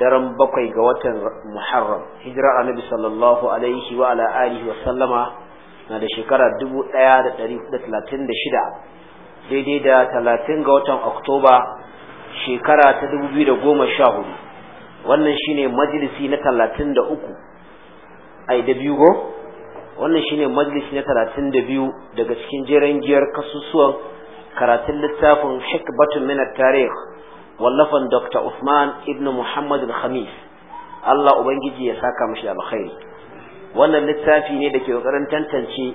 daren bakwai ga watan Muharram hijira Annabi sallallahu alaihi wa ala alihi wa sallama na da shekara 1136 daidai da 30 ga watan Oktoba shekara ta 2014 wannan shine majalisi na 33 ai da biyu go wannan shine majalisi na 32 daga cikin jeren giyar kasusuwan karatun littafin Sheikh Batun Minat Tarikh wallafan Dr. Usman ibn Muhammad al-Khamis Allah ubangiji ya saka mishi alkhairi wannan littafi ne da ke kokarin tantance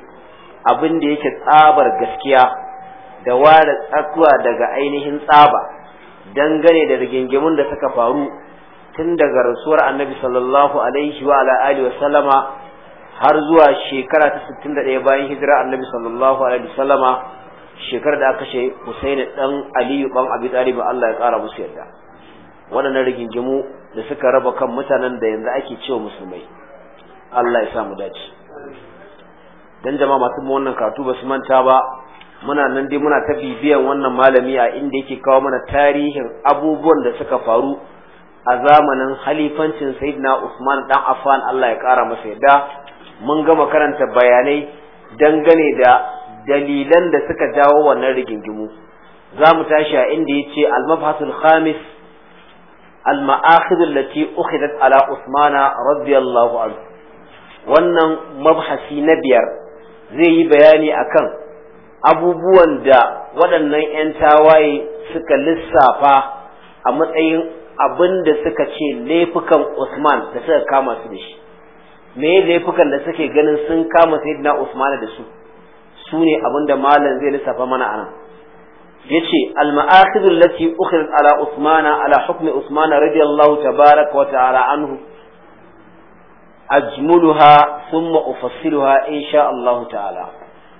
abin da yake tsabar gaskiya da ware tsakuwa daga ainihin tsaba dangane da rigingimun da suka faru tun daga rasuwar annabi sallallahu alaihi wa ala alihi wa sallama har zuwa shekara ta 61 bayan hijira annabi sallallahu alaihi wa sallama shekarar da aka kashe Husaini dan Aliyu dan Abi Talib Allah ya kara musu yarda waɗannan rigingimu da suka raba kan mutanen da yanzu ake cewa musulmai Allah ya sa mu dace dan jama'a masu wannan karatu ba su manta ba muna nan dai muna ta bibiyan wannan malami a inda yake kawo mana tarihin abubuwan da suka faru a zamanin halifancin Sayyidina Usman dan Affan Allah ya kara masa yarda mun gama karanta bayanai dangane da dalilan da suka jawo wannan rigingimu za mu tashi a inda ya ce al khamis al-ma'akhidh ukhidat ala usmana radiyallahu anhu wannan mabhasi na biyar zai yi bayani akan abubuwan da waɗannan 'yan tawaye suka lissafa a matsayin abin da suka ce laifukan Usman da suka kama su da shi me laifukan da suke ganin sun kama Sayyidina Usman da su ne abinda malam zai lissafa mana anan yace al-ma'akhidh allati ukhir ala usmana ala hukmi usmana radiyallahu tabaaraka wa ta'ala anhu ajmuluha thumma ufassiluha insha Allah ta'ala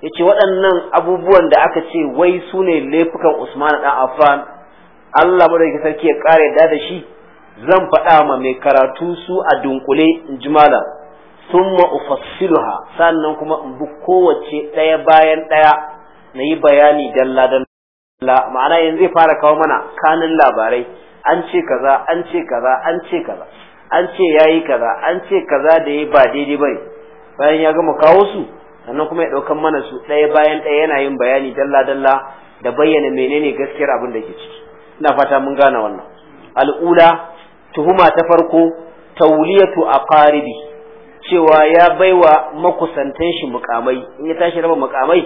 yace waɗannan abubuwan da aka ce wai sune laifukan Usman dan Affan Allah madaukakin sarki ya kare da da shi zan faɗa ma mai karatu su a dunkule in ji malam thumma ufassiluha sannan kuma in bi kowace ɗaya bayan ɗaya na yi bayani dalla dalla ma'ana yanzu zai fara kawo mana kanin labarai an ce kaza an ce kaza an ce kaza an ce yayi kaza an ce kaza da yayi ba daidai bane bayan ya gama kawo su sannan kuma ya ɗaukan mana su ɗaya bayan ɗaya yana yin bayani dalla dalla da bayyana menene gaskiyar abin da ke ciki ina fata mun gane wannan al'ula tuhuma ta farko tawliyatu aqaribi cewa ya baiwa makusantan shi mukamai in ya tashi raba mukamai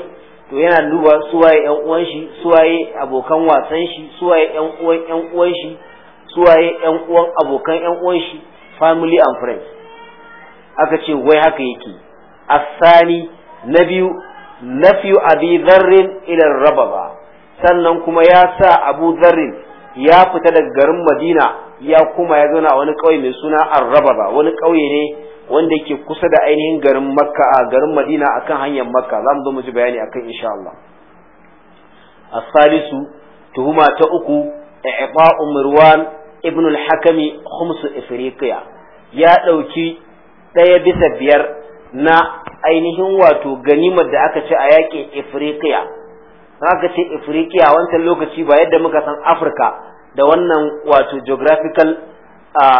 to yana duba suwaye yan uwan shi suwaye abokan wasan shi suwaye yan uwan yan uwan shi suwaye yan uwan abokan yan uwan shi family and friends aka ce wai haka yake asani na biyu nafiyu abi idan ila rababa sannan kuma ya sa abu zarrin ya fita daga garin madina ya kuma ya zauna a wani kauye mai suna arrababa wani ƙauye ne wanda yake kusa da ainihin garin makka a garin madina akan hanyar makka za mu zo mu ji bayani akan insha Allah asalisu tuhuma ta uku i'ba'u mirwan ibn al-hakami khums afriqiya ya dauki daya bisa biyar na ainihin wato ganimar da aka ci a yakin afriqiya Zaka ce afriqiya wancan lokaci ba yadda muka san afirka da wannan wato geographical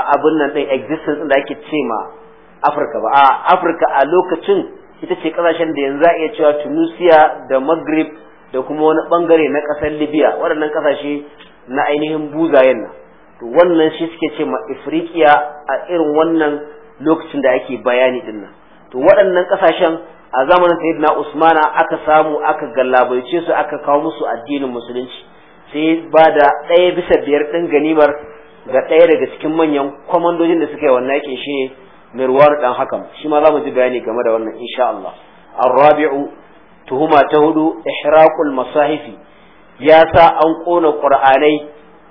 abun nan din existence da ake ce ma Afirka ba a Afirka a lokacin ita ce kasashen da yanzu a iya cewa Tunisia da Maghrib da kuma wani bangare na kasar Libya waɗannan kasashe na ainihin buzayen nan to wannan shi suke ce ma Ifriqiya a irin wannan lokacin da ake bayani din nan to waɗannan kasashen a zamanin Sayyidina Usmana aka samu aka gallabaice su aka kawo musu addinin musulunci sai ba da ɗaya bisa biyar ɗin ganimar ga ɗaya daga cikin manyan kwamandojin da suka yi wannan yakin shi ne mirwan dan hakan shi ma zamu ji bayani game da wannan insha Allah ar-rabi'u tuhuma ta hudu ihraqul masahifi ya sa an kona qur'anai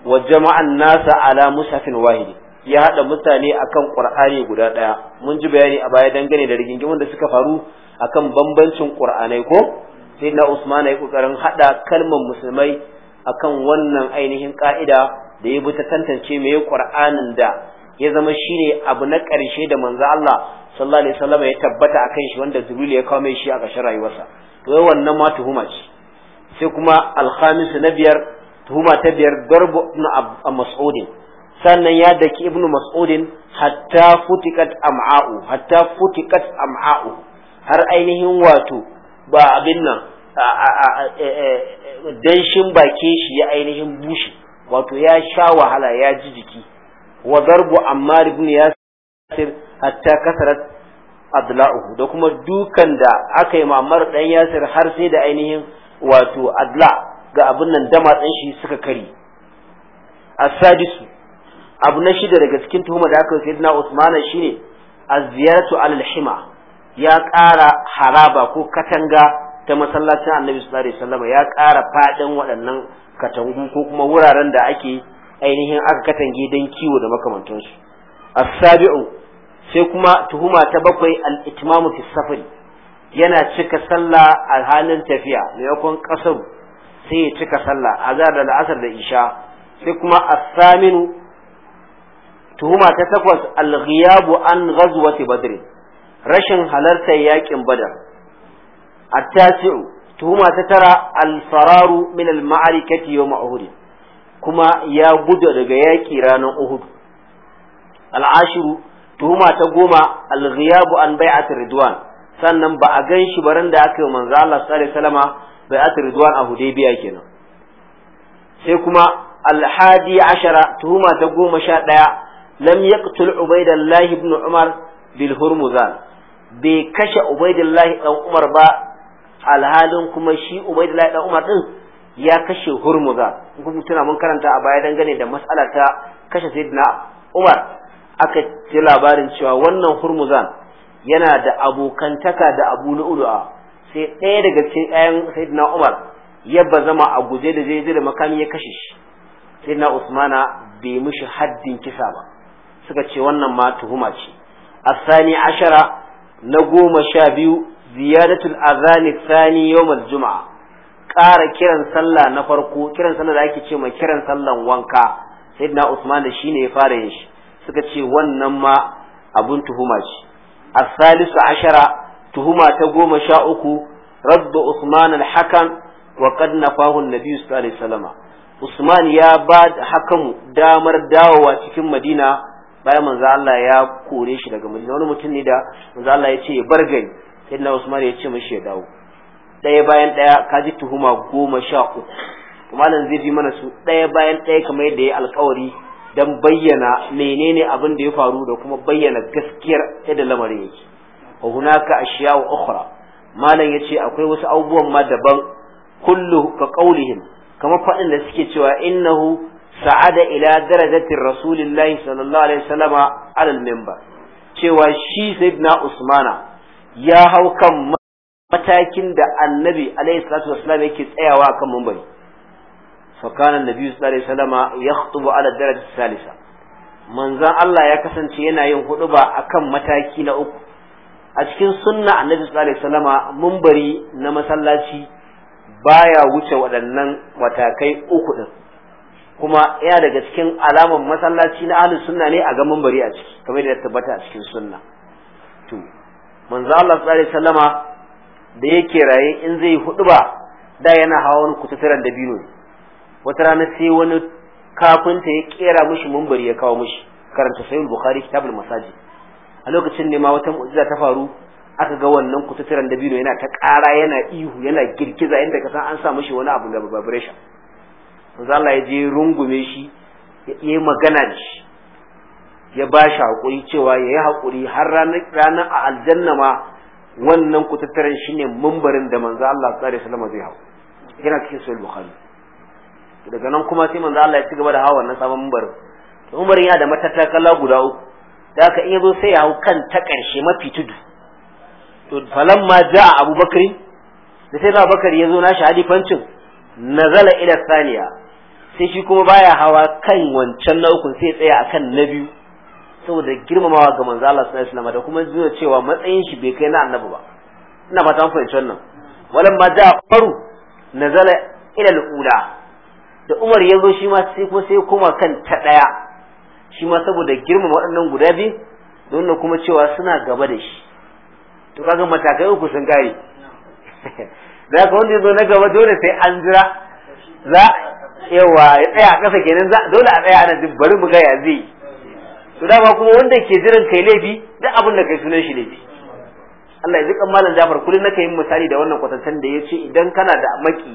wa jama'an nasa ala musafin wahidi ya hada mutane akan qur'ani guda daya mun ji bayani a baya dangane da rigingimin da suka faru akan bambancin qur'anai ko sai na Usman yayi kokarin hada kalmar musulmai akan wannan ainihin ka'ida da ya bi ta tantance me qur'anin da ya zama shine abu na ƙarshe da manzo Allah sallallahu alaihi wasallam ya tabbata akan shi wanda Jibril ya kawo mai shi a ƙarshen rayuwarsa to wannan ma tuhuma ce sai kuma al-khamis na biyar tuhuma ta biyar darbu ibn mas'ud sannan ya daki ibn mas'ud hatta futikat am'a'u hatta futikat am'a'u har ainihin wato ba abin nan danshin bake shi ya ainihin bushe wato ya sha wahala ya ji jiki wa darbu ammar ibn yasir hatta kasarat adla'uhu da kuma dukan da aka yi ma'amar dan yasir har sai da ainihin wato adla ga abin nan dama ɗin shi suka kari asadisu abu na shida daga cikin tuhuma da aka sayyidina usmana shine ne ziyaratu alal hima ya ƙara haraba ko katanga ta masallacin annabi sallallahu alaihi wasallam ya ƙara faɗin waɗannan katangu ko kuma wuraren da ake ainihin aka katange don kiwo da makamantansu asabi'u sabiu sai kuma tuhuma ta bakwai al-itmamu fi safari yana cika sallah a halin tafiya maimakon kasar sai ya cika sallah azhar da la'asar da isha sai kuma as-saminu tuhuma ta takwas al-ghiyabu an ghazwati badr rashin halartar yakin badar at-tasi'u tuhuma ta tara al-fararu min al-ma'arikati yawm uhud kuma ya gudu daga yaƙi ranar Uhud al'ashiru tuhuma ta goma al an bai'at ridwan sannan ba a gan shi barin da aka yi manzo Allah sallallahu alaihi bai'at ridwan a Hudaybiya kenan sai kuma alhadi ashara tuhuma ta goma sha ɗaya lam yaqtul ubaidallah ibn umar bil hurmuzan bai kashe ubaidallah dan umar ba alhalin kuma shi ubaidallah dan umar din ya kashe hurmuza kuma tuna mun karanta a baya dangane da matsalar ta kashe sayyidina Umar aka ji labarin cewa wannan hurmuzan yana da abokantaka da Abu Lu'lu'a sai ɗaya daga cikin ƴaƴan sayyidina Umar ya bazama a guje da zai da makami ya kashe shi sayyidina Usmana bai mishi haddin kisa ba suka ce wannan ma tuhuma ce asani ashara na goma sha biyu ziyadatul azani thani yawmal juma'a ƙara kiran sallah na farko kiran sallah da ake ce ma kiran sallan wanka sayyidina Usman da shi ne ya fara yin shi suka ce wannan ma abun tuhuma ce as-salisu ashara tuhuma ta goma sha uku raddu Usman al-hakan wa qad nafahu an-nabi sallallahu alaihi wasallam Usman ya ba hakamu damar dawowa cikin Madina bayan manzo Allah ya kore shi daga Madina wani mutum ne da manzo Allah ya ce ya bar gari sayyidina Usman ya ce mashi ya dawo ɗaya bayan ɗaya ka ji tuhuma goma sha uku malam zai bi mana su ɗaya bayan ɗaya kamar yadda ya alkawari don bayyana menene abin da ya faru da kuma bayyana gaskiyar yadda lamarin yake wa hunaka wa ukhra malam yace akwai wasu abubuwan ma daban kullu ka qaulihim kamar faɗin da suke cewa innahu sa'ada ila darajatir rasulillahi sallallahu alaihi wasallama alal minbar cewa shi sayyidina usmana ya hau kan matakin da annabi alaihi salatu wassalam yake tsayawa kan mambari fa kana annabi sallallahu alaihi wasallama yakhtubu ala darajati salisa manzon Allah ya kasance yana yin huduba akan mataki na uku a cikin sunna annabi sallallahu alaihi wasallama mambari na masallaci baya wuce waɗannan matakai uku din kuma yana daga cikin alaman masallaci na ahlus sunna ne a ga mambari a ciki kamar da tabbata a cikin sunna to manzo Allah sallallahu alaihi wasallama da yake raye in zai hudu ba da yana hawa wani dabino ne wata rana sai wani kafinta ya kera mishi mumbari ya kawo mishi karanta sayyid bukhari kitabul Masaji. a lokacin ne ma wata mu'jiza ta faru aka ga wannan da dabino yana ta ƙara yana ihu yana girgiza inda ka san an sa mishi wani abu da vibration manzo Allah ya je rungume shi ya yi magana da shi ya ba shi haƙuri cewa ya yi haƙuri har ranar a aljanna ma wannan kutattaren shine mumbarin da manzo Allah sallallahu alaihi wasallam zai hau yana cikin sahih bukhari daga nan kuma sai manzo Allah ya ci gaba da hawa wannan sabon mumbarin to mumbarin yana da matattakala guda uku da aka iya zo sai ya hau kan ta karshe mafi tudu to falamma ja'a abubakar da sai abubakar ya zo na shahadi fancin nazala ila saniya sai shi kuma baya hawa kan wancan na ukun sai ya tsaya akan na biyu saboda girmamawa ga manzo Allah sallallahu alaihi da kuma zuwa cewa matsayin shi bai kai na annabi ba ina fata mun fahimci wannan walan ma da faru nazala ila al-ula da Umar ya zo shi ma sai ko sai kuma kan ta daya shi ma saboda girmama waɗannan guda biyu don nan kuma cewa suna gaba da shi to kaga matakai uku sun kare da ka wanda yazo na gaba dole sai an jira za yawa ya tsaya a ƙasa kenan dole a tsaya ana bari mu ga ya zai to dama kuma wanda ke jiran kai laifi duk abin da kai sunan shi laifi Allah ya zikan malam Jafar kullun naka yin misali da wannan kwatancen da yace idan kana da maki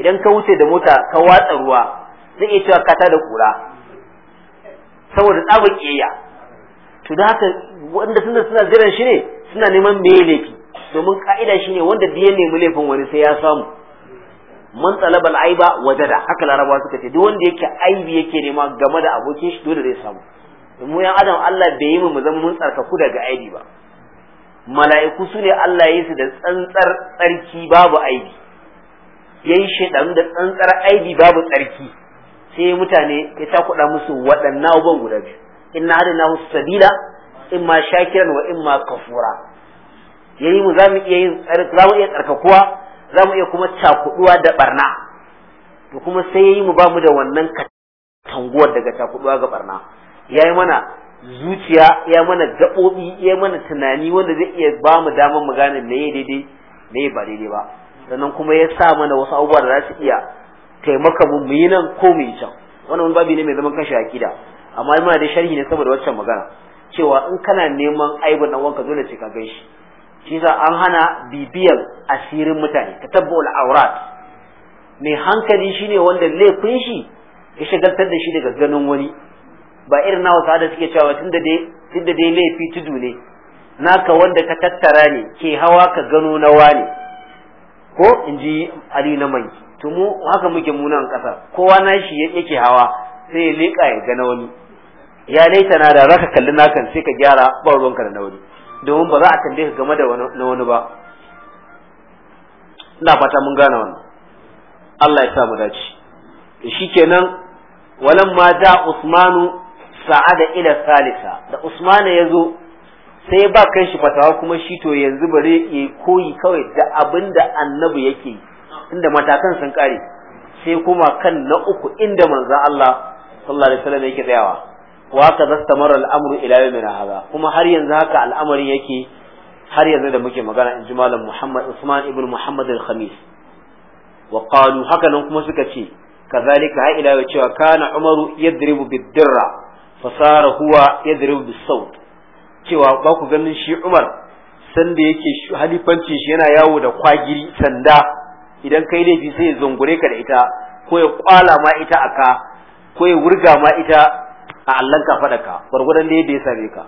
idan ka wuce da mota ka watsa ruwa zai iya cewa kata da kura saboda tsabin kiyaya to da haka wanda suna suna jiran shi ne suna neman me laifi domin ka'ida ne wanda da ya nemi laifin wani sai ya samu man talabal aiba wajada haka larabawa suka ce duk wanda yake aibi yake nema game da abokin shi dole zai samu mu yan adam Allah bai yi mu mu zama mun tsarkaku daga aibi ba mala'iku su ne Allah ya yi su da tsantsar tsarki babu aibi yayi shaidan da tsantsar aibi babu tsarki sai mutane ya takuda musu waɗannan abubuwan guda biyu inna hadinahu sabila imma shakiran wa imma kafura yayi mu zamu iya yin zamu iya tsarkakuwa zamu iya kuma takuduwa da barna to kuma sai yayi mu ba mu da wannan tanguwar daga takuduwa ga barna ya yi mana zuciya ya mana gaɓoɓi ya mana tunani wanda zai iya ba mu damar mu gane me daidai me ba daidai ba sannan kuma ya sa mana wasu abubuwa da za su iya taimaka mu mu yi nan ko mu yi can wannan wani babi ne mai zaman kashi akida amma muna da sharhi ne saboda waccan magana cewa in kana neman aibin dan wanka dole sai ka gan shi shi yasa an hana bibiyar asirin mutane ka tatabbul aurat mai hankali shine wanda laifin shi ya shagaltar da shi daga ganin wani ba irin na sa da suke cewa tunda dai tunda dai laifi tudu ne naka wanda ka tattara ne ke hawa ka gano na wane ko in ji ali na manki to mu haka muke munan kasa kowa na shi yake hawa sai ya leka ya gana wani ya laita na da raka kalli nakan sai ka gyara ba ruwanka da na wani domin ba za a tambaye ka game da na wani ba ina fata mun gane wannan Allah ya sa mu dace shikenan walamma da Usmanu sa'ada ila salisa da Usman ya zo sai ba kan shi fatawa kuma shi to yanzu bare ya koyi kawai da abinda da annabi yake inda matakan sun kare sai kuma kan na uku inda manzo Allah sallallahu alaihi wasallam yake tsayawa wa ka zastamara al'amru ila yawmin hadha kuma har yanzu haka al'amarin yake har yanzu da muke magana in ji Muhammad Usman ibn Muhammad al-Khamis wa qalu haka nan kuma suka ce kazalika ha ila cewa kana Umaru yadribu bid-dirra fasara huwa yadrib sau cewa ba ku ganin shi Umar san da yake halifanci shi yana yawo da kwagiri sanda idan kai laifi sai ya zungure ka da ita ko ya kwala ma ita aka ko ya wurga ma ita a allon ka fada ka gwargwadon da ya same ka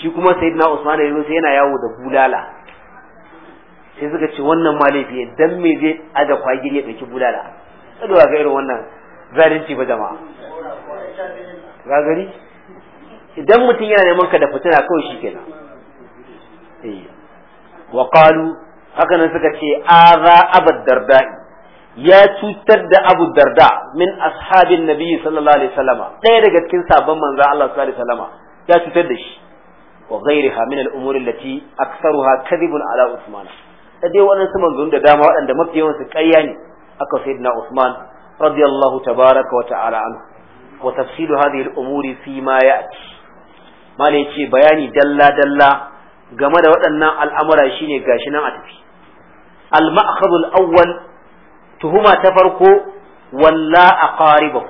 shi kuma sayyidina Usman ibn sai yana yawo da bulala sai suka ce wannan ma laifi dan me zai aje kwagiri ya ɗauki bulala kada ga irin wannan zalunci ba jama'a ga gari idan mutum yana neman ka da fitina kawai shi kenan eh. wa qalu haka nan suka ce aza abad darda ya cutar da abu darda min ashabin nabiyyi sallallahu alaihi wasallama ɗaya daga cikin sabon manzo Allah sallallahu alaihi wasallama ya cutar da shi wa ghairiha min al-umur allati aktharuha kadhibun ala usman da dai wannan manzon da dama waɗanda mafi yawansu su ƙarya ne aka sayyidina usman radiyallahu tabaraka wa ta'ala anhu wa tafsilu hadhihi al-umuri ma malai ce bayani dalla dalla game da waɗannan al'amura shine gashi nan a tafi al awwal tuhuma ta farko walla a aqaribu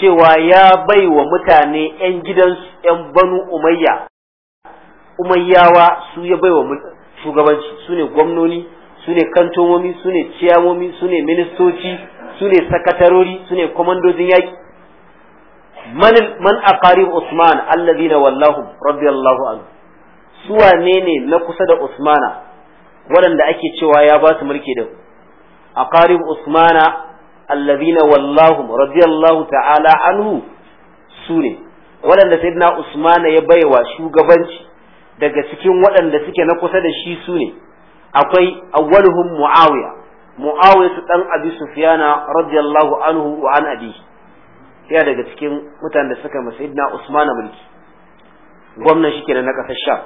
cewa ya baiwa mutane yan gidansu yan banu umayya umayyawa su ya bai wa shugabanci ne gwamnoni ne kantomomi su ne ciyamomi su ne ministoci su ne sakatarori su ne kwamandojin yaki man man aqarib usman su wanene na kusa da usmana waɗanda ake cewa ya ba su mulki din aqarib usmana alladhina wallahu radiyallahu ta'ala anhu su ne waɗanda sayyidina usmana ya baiwa shugabanci daga cikin waɗanda suke na kusa da shi su ne akwai awwaluhum muawiya muawiya dan abi sufyana radiyallahu anhu wa an ya daga cikin mutanen da suka masa idna usman mulki gwamnan shi kenan na kasar sham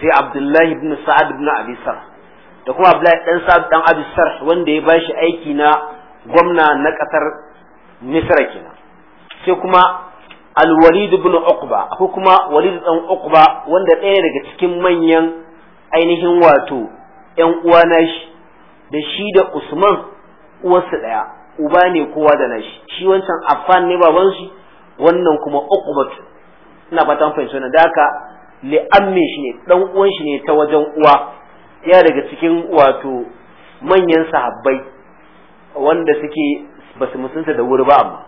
sai abdullahi ibn sa'ad ibn abi da kuma abdullahi dan sa'ad dan abi wanda ya bashi aiki na gwamna na kasar misra kenan sai kuma al-walid ibn uqba ko kuma walid dan uqba wanda ɗaya daga cikin manyan ainihin wato ƴan uwa na shi da shi da usman uwarsu ɗaya uba ne kowa da nashi shi wancan afan ne baban shi wannan kuma uqbat ina fatan fahimta wannan daka li amme shi ne dan uwan shi ne ta wajen uwa ya daga cikin wato manyan sahabbai wanda suke basu musunta da wuri ba amma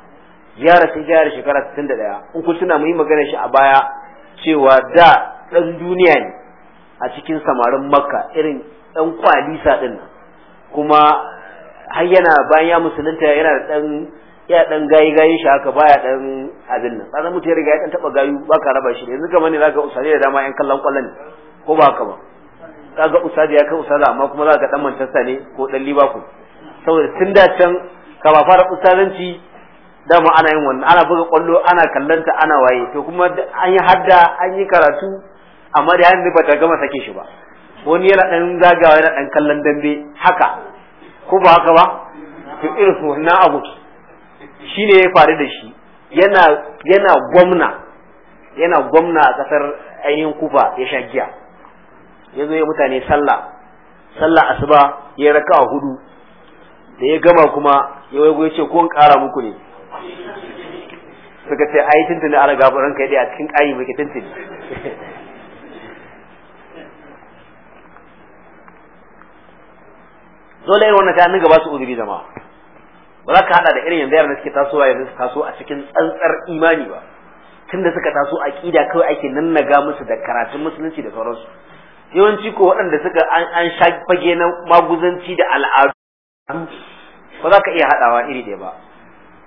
ziyara sai ziyara shekara 61 in kun tuna mu yi magana shi a baya cewa da dan duniya ne a cikin samarin makka irin dan kwalisa din kuma har yana bayan ya musulunta yana da dan ya dan gayi gayin shi haka baya dan abin nan sanan mutum ya riga ya dan taba gayu baka raba shi yanzu kamar ne zaka usali da dama yan kallon kwallon ko ba haka ba kaga usadi ya kai usala amma kuma zaka dan mantasta ne ko dan libaku saboda tun da can ka ba fara usalanci dama ana yin wannan ana buga kwallo ana kallanta ana waye to kuma an yi hadda an yi karatu amma da yanzu ba ta gama sake shi ba wani yana dan zagawa yana dan kallon dambe haka ko ba haka ba to irin su wannan abu ne ya faru da shi yana yana gwamna yana gwamna a kasar ainihin kufa ya sha giya ya zo ya mutane sallah sallah asuba ya raka a hudu da ya gama kuma ya waigo ya ce ko in kara muku ne suka ce ai tuntuni ala gafaran kai dai a cikin ayi muke tuntuni dole irin wannan kayan ga ba su uzuri jama'a ba za ka hada da irin yanzu yaran da suke tasowa yanzu su taso a cikin tsantsar imani ba tunda suka taso akida kawai ake nan ga musu da karatun musulunci da sauransu yawanci ko waɗanda suka an sha fage na maguzanci da al'adu ba za ka iya haɗawa iri ɗaya ba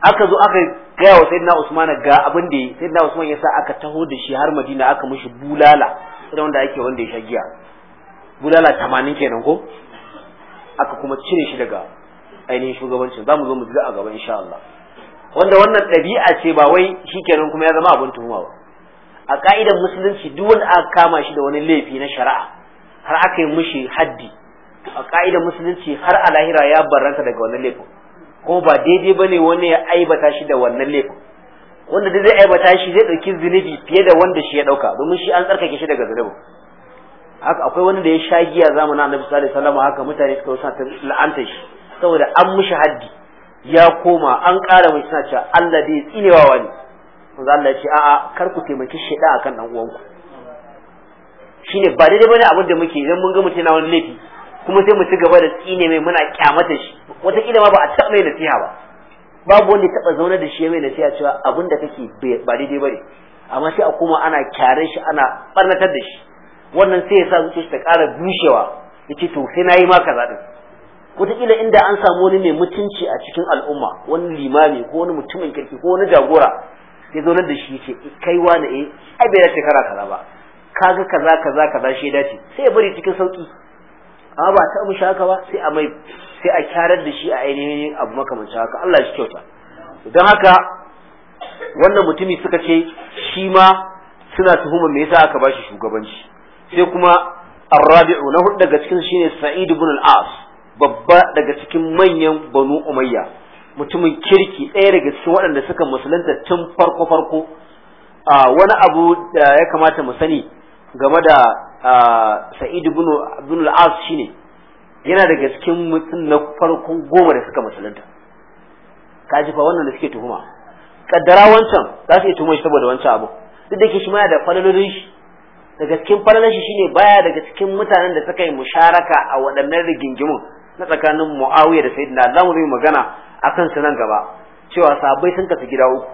aka zo aka gaya wa sayyidina usman ga abin da yi sayyidina usman yasa aka taho da shi har madina aka mishi bulala irin wanda ake wanda ya sha giya bulala tamanin kenan ko aka kuma cire shi daga ainihin shugabancin za mu zo mu ji a gaba insha Allah wanda wannan ɗabi'a ce ba wai shikenan kuma ya zama abin tuhuma ba a ka'idar musulunci duk wanda aka kama shi da wani laifi na shari'a har aka yi mushi haddi a ka'idar musulunci har a lahira ya barranta daga wannan laifin kuma ba daidai ba ne wani ya aibata shi da wannan laifin wanda zai aibata shi zai ɗauki zunubi fiye da wanda shi ya ɗauka domin shi an tsarkake shi daga zunubin haka akwai wani da ya sha giya zamanin annabi sallallahu alaihi haka mutane suka wasu ta la'anta shi saboda an mushi haddi ya koma an kara mai suna cewa Allah bai tsinewa wani manzo Allah ya ce a'a kar ku taimaki sheda akan dan uwanku shine ba daidai bane abin da muke idan mun ga mutum yana wani laifi kuma sai mu ci gaba da tsine mai muna kyamata shi kila ma ba a taɓa mai nasiha ba babu wanda ya taɓa zaune da shi mai nasiha cewa abin da kake ba daidai bane amma sai a koma ana kyare shi ana barnatar da shi wannan sai ya sa zuciyarsa ta ƙara bushewa yace to sai nayi ma kaza din wataƙila inda an samu wani mai mutunci a cikin al'umma wani limami ko wani mutumin kirki ko wani jagora ya zo da shi ce eh, kai wani ne eh, ai bai dace kara kaza ba kaga kaza kaza kaza shi dace sai ya bari cikin sauki amma ba ta mishi haka ba sai a mai sai a kyarar da shi a ainihin abu makamancin haka Allah shi kyauta don haka wannan mutumi suka ce shi ma suna tuhumar me yasa aka bashi shugabanci sai kuma arrabi'u na hudu daga cikin shine sa'id ibn al-as babba daga cikin manyan banu umayya mutumin kirki ɗaya daga cikin waɗanda suka musulunta tun farko farko wani abu da ya kamata mu sani game da sa'id ibn al-as shine yana daga cikin mutum na farko goma da suka musulunta ka ji fa wannan da suke tuhuma kaddara wancan za su iya tuhuma shi saboda wancan abu duk da ke shi ma da falalolin shi daga cikin farin shi shine baya daga cikin mutanen da suka yi musharaka a waɗannan rigingimun na tsakanin Muawiya da Sayyidina za mu magana akan su nan gaba cewa sahabbai sun kasu gida uku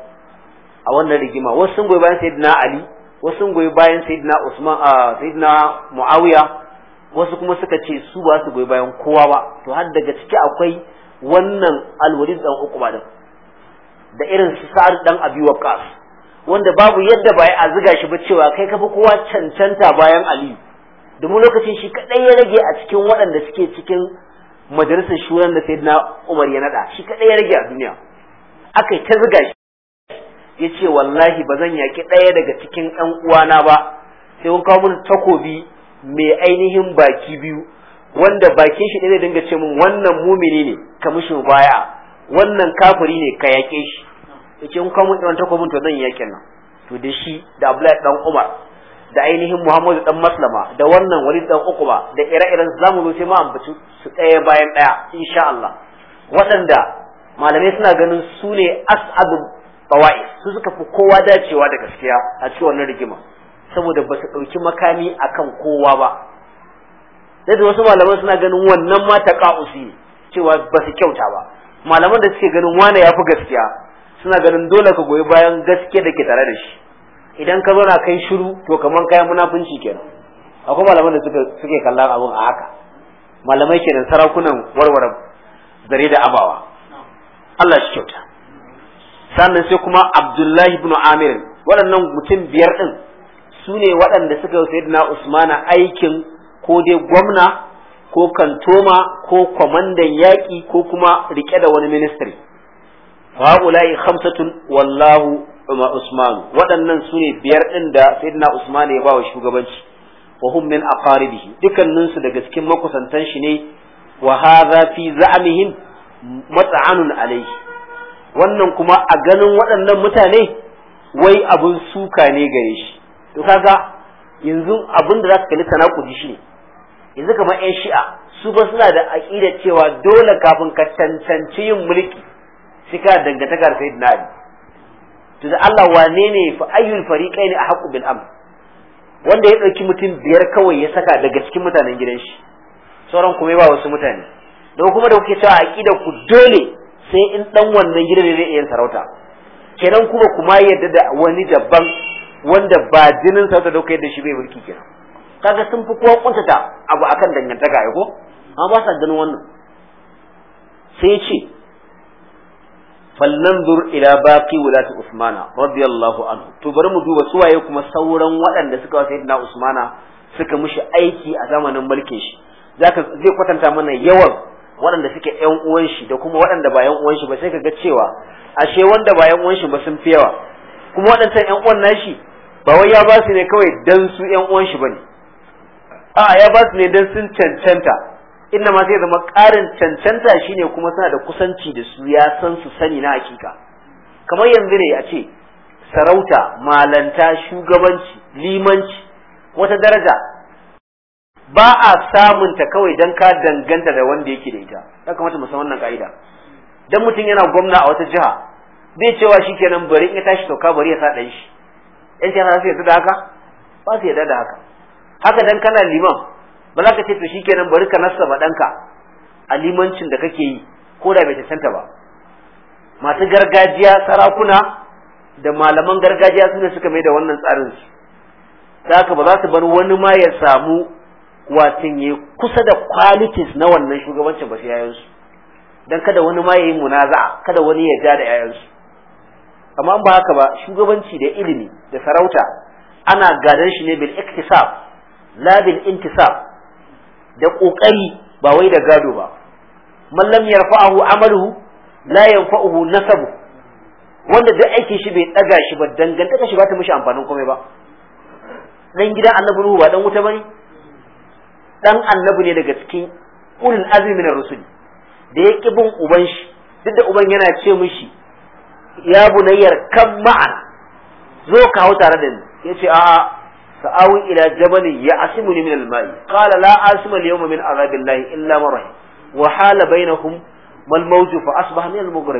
a wannan rigima wasu sun goyi bayan Sayyidina Ali wasu sun goyi bayan Sayyidina Usman Sayyidina Muawiya wasu kuma suka ce su ba su goyi bayan kowa ba to har daga ciki akwai wannan Al-Walid dan uku da irin su sa'ad dan abi Waqqas wanda babu yadda ba a ziga shi ba cewa kai kafi kowa cancanta bayan aliyu domin lokacin shi kadai ya rage a cikin waɗanda suke cikin majalisar shuran da sayyidina umar ya nada shi kadai ya rage a duniya aka ta ziga shi ya ce wallahi ba zan yaƙi ɗaya daga cikin ɗan uwana ba sai kun kawo mun takobi mai ainihin baki biyu wanda bakin shi ɗaya dinga ce mun wannan mumini ne ka baya wannan kafiri ne ka yaƙe shi yace in kuma mun ta takobin to zan yakin nan to da shi da Abdullahi dan Umar da ainihin Muhammadu dan Maslama da wannan Walid dan Uqba da ire-iren zamu zo sai mu ambaci su tsaye bayan ɗaya insha Allah waɗanda malamai suna ganin su ne as'adu tawa'i su suka fi kowa dacewa da gaskiya a cikin wannan rigima saboda ba su ɗauki makami akan kowa ba sai da wasu malaman suna ganin wannan ma taqa'usi cewa ba su kyauta ba malaman da suke ganin wane ya fi gaskiya suna ganin dole ka goyi bayan gaske da ke tare da shi idan ka zauna kai shiru to kaman kayan munafunci kenan akwai malaman da suke kallon abin a haka malamai kenan sarakunan warware zare da abawa Allah shi kyauta sannan sai kuma Abdullahi ibn Amir waɗannan mutum biyar ɗin su ne waɗanda suka yi sayyidina Usmana aikin ko dai gwamna ko kantoma ko kwamandan yaƙi ko kuma riƙe da wani ministry haula'i khamsatun wallahu ma usman waɗannan sune biyar ɗin da sayyidina usman ya bawa shugabanci wa hum min aqaribihi dukkanin su daga cikin makusantan shi ne wa hadha fi za'mihim mat'anun alayhi wannan kuma a ganin waɗannan mutane wai abun suka ne gare shi to kaga yanzu abun da za ka kalli tanakudi shi ne yanzu kamar 'yan shi'a su ba suna da aƙida cewa dole kafin ka tantance yin mulki cika ka dangantaka da sayyidina ali to da Allah wane ne fa ayyul fariqain ahqqu bil amr wanda ya dauki mutum biyar kawai ya saka daga cikin mutanen gidan shi sauran kuma ba wasu mutane don kuma da kuke cewa aqida ku dole sai in dan wannan gidan ne zai iya sarauta kenan kuma kuma yadda da wani daban wanda ba jinin sarauta da kuka yadda shi bai mulki kenan kaga sun fi kowa kuntata abu akan dangantaka ai ko amma ba sa ganin wannan sai ce fallanzur ila baqi wulati usmana radiyallahu anhu to bari mu duba su waye kuma sauran waɗanda suka wa sayyidina usmana suka mishi aiki a zamanin mulkin shi zaka zai kwatanta mana yawan waɗanda suke ƴan uwan shi da kuma waɗanda ba ƴan uwan shi ba sai ka ga cewa ashe wanda ba ƴan uwan shi ba sun fi yawa kuma waɗancan ƴan uwan nashi ba wai ya ba su ne kawai dan su ƴan uwan shi bane a'a ya ba su ne dan sun cancanta inda ma zai zama ƙarin cancanta shine kuma suna da kusanci da su ya san su sani na hakika kamar yanzu ne a ce sarauta malanta shugabanci limanci wata daraja ba a samunta kawai don ka danganta da wanda yake da ita ya kamata mu san wannan ka'ida dan mutum yana gwamna a wata jiha bai cewa shikenan bari in ya tashi ka bari ya sa shi yan siyasa za su yarda da haka ba su yarda da haka haka dan kana liman ba za ka ce to shikenan bari ka nasa ba ɗanka a limancin da kake yi ko da bai cancanta ba masu gargajiya sarakuna da malaman gargajiya sune suka mai da wannan tsarin su ta ba za su bar wani ma ya samu watin ya kusa da qualities na wannan shugabancin ba su yayansu don kada wani ma ya yi munaza'a kada wani ya ja da yayansu amma ba haka ba shugabanci da ilimi da sarauta ana gadon shi ne bil iktisab la bil intisab da ƙoƙari ba wai da gado ba mallam lam yarfa'ahu amaluhu la yanfa'uhu nasabu wanda duk aikin shi bai ɗaga shi ba dangantaka shi ba ta mishi amfanin komai ba dan gidan annabi ruhu ba dan wuta bane dan annabi ne daga cikin ulul azmi na rusul da ya ki bin uban shi duk da uban yana ce mishi ya bunayyar kan ma'an zo ka hau tare da ni yace a'a sa'awi ila جبل يعصمني من الماء قال لا la اليوم من عذاب min azabillahi illa man rahim wa hala bainahum mal fa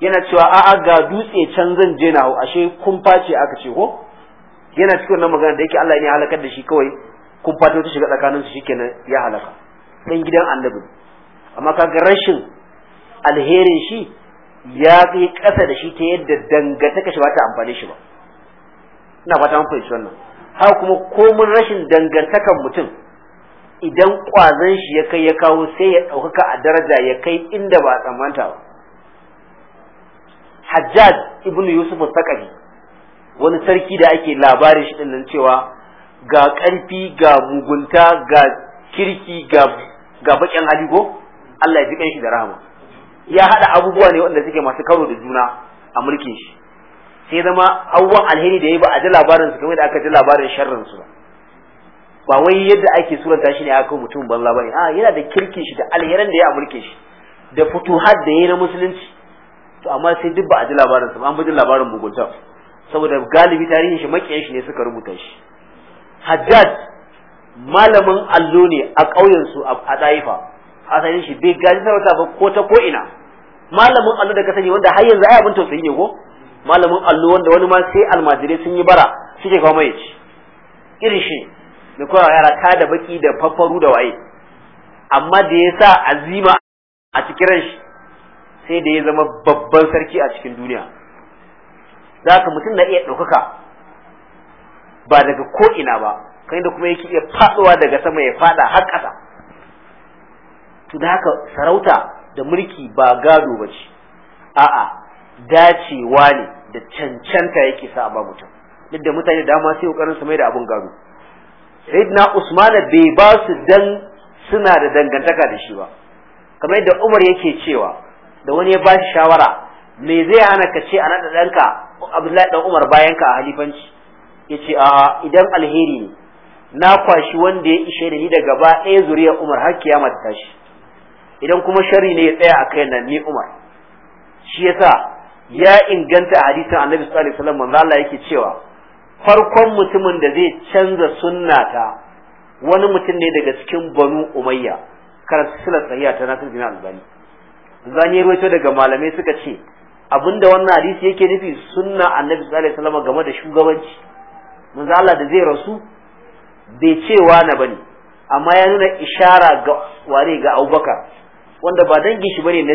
yana cewa a'a ga dutse can zan je na hau ashe kumfa ce aka ce ko yana cikin wannan magana da yake Allah ya halakar da shi kawai kumfa ta shiga tsakanin su shikenan ya halaka dan gidan annabi amma kaga rashin alherin shi ya kai kasa da shi ta yadda dangantaka shi ba ta amfane shi ba ina fata mun fahimci wannan haka kuma komun rashin dangantakan mutum idan kwazon shi ya kai ya kawo sai ya ɗaukaka a daraja ya kai inda ba a tsammanta ba hajjaj ibn yusuf sakafi wani sarki da ake labarin shi nan cewa ga ƙarfi ga mugunta ga kirki ga ga baƙin hali Allah ya ji shi da rahama ya haɗa abubuwa ne wanda suke masu karo da juna a mulkin shi sai zama abubuwan alheri da ya ba a ji labarin su kamar da aka ji labarin sharrin su ba wai yadda ake suranta shi ne aka mutum banza bane a yana da kirkin shi da alheran da ya amurke shi da futuhat da ya na musulunci to amma sai duk ba a ji labarin su an bi labarin mugunta saboda galibi tarihin shi makiyan shi ne suka rubuta shi haddad malamin allo ne a ƙauyen su a taifa asalin shi bai gaji wata ba ko ta ko ina malamin allo da ka sani wanda har yanzu ai abin tausayi ne ko malamin allo wanda wani ma sai almajirai sun yi bara suke kawo mai ci irin shi mai koya yara ta da baki da faffaru da waye amma da ya sa azima a cikin ran shi sai da ya zama babban sarki a cikin duniya za ka mutum na iya ɗaukaka ba daga ko ina ba kai da kuma yake iya faɗowa daga sama ya faɗa har ƙasa to da haka sarauta da mulki ba gado ba ce a'a dacewa ne da cancanta yake sa ba mutum duk da mutane da dama sai kokarin su mai da abun gado sayyidina usman bai ba su dan suna da dangantaka da shi ba kamar yadda umar yake cewa da wani ya ba shi shawara me zai hana ka ce a naɗa ɗanka abdullahi dan umar bayan ka a halifanci yace ce a idan alheri ne na kwashi wanda ya ishe da ni da gaba ɗaya zuriyar umar har kiyama ta tashi idan kuma shari ne ya tsaya a kai nan ni umar shi yasa ya inganta a hadisin annabi sallallahu alaihi wasallam manzo Allah yake cewa farkon mutumin da zai canza sunnata wani mutum ne daga cikin banu umayya karanta silar sahiya ta nasir bin albani zan yi daga malamai suka ce abinda wannan hadisi yake nufi sunna annabi sallallahu alaihi wasallam game da shugabanci manzo Allah da zai rasu bai cewa na bane amma ya nuna ishara ga ware ga Abubakar wanda ba dangin shi bane na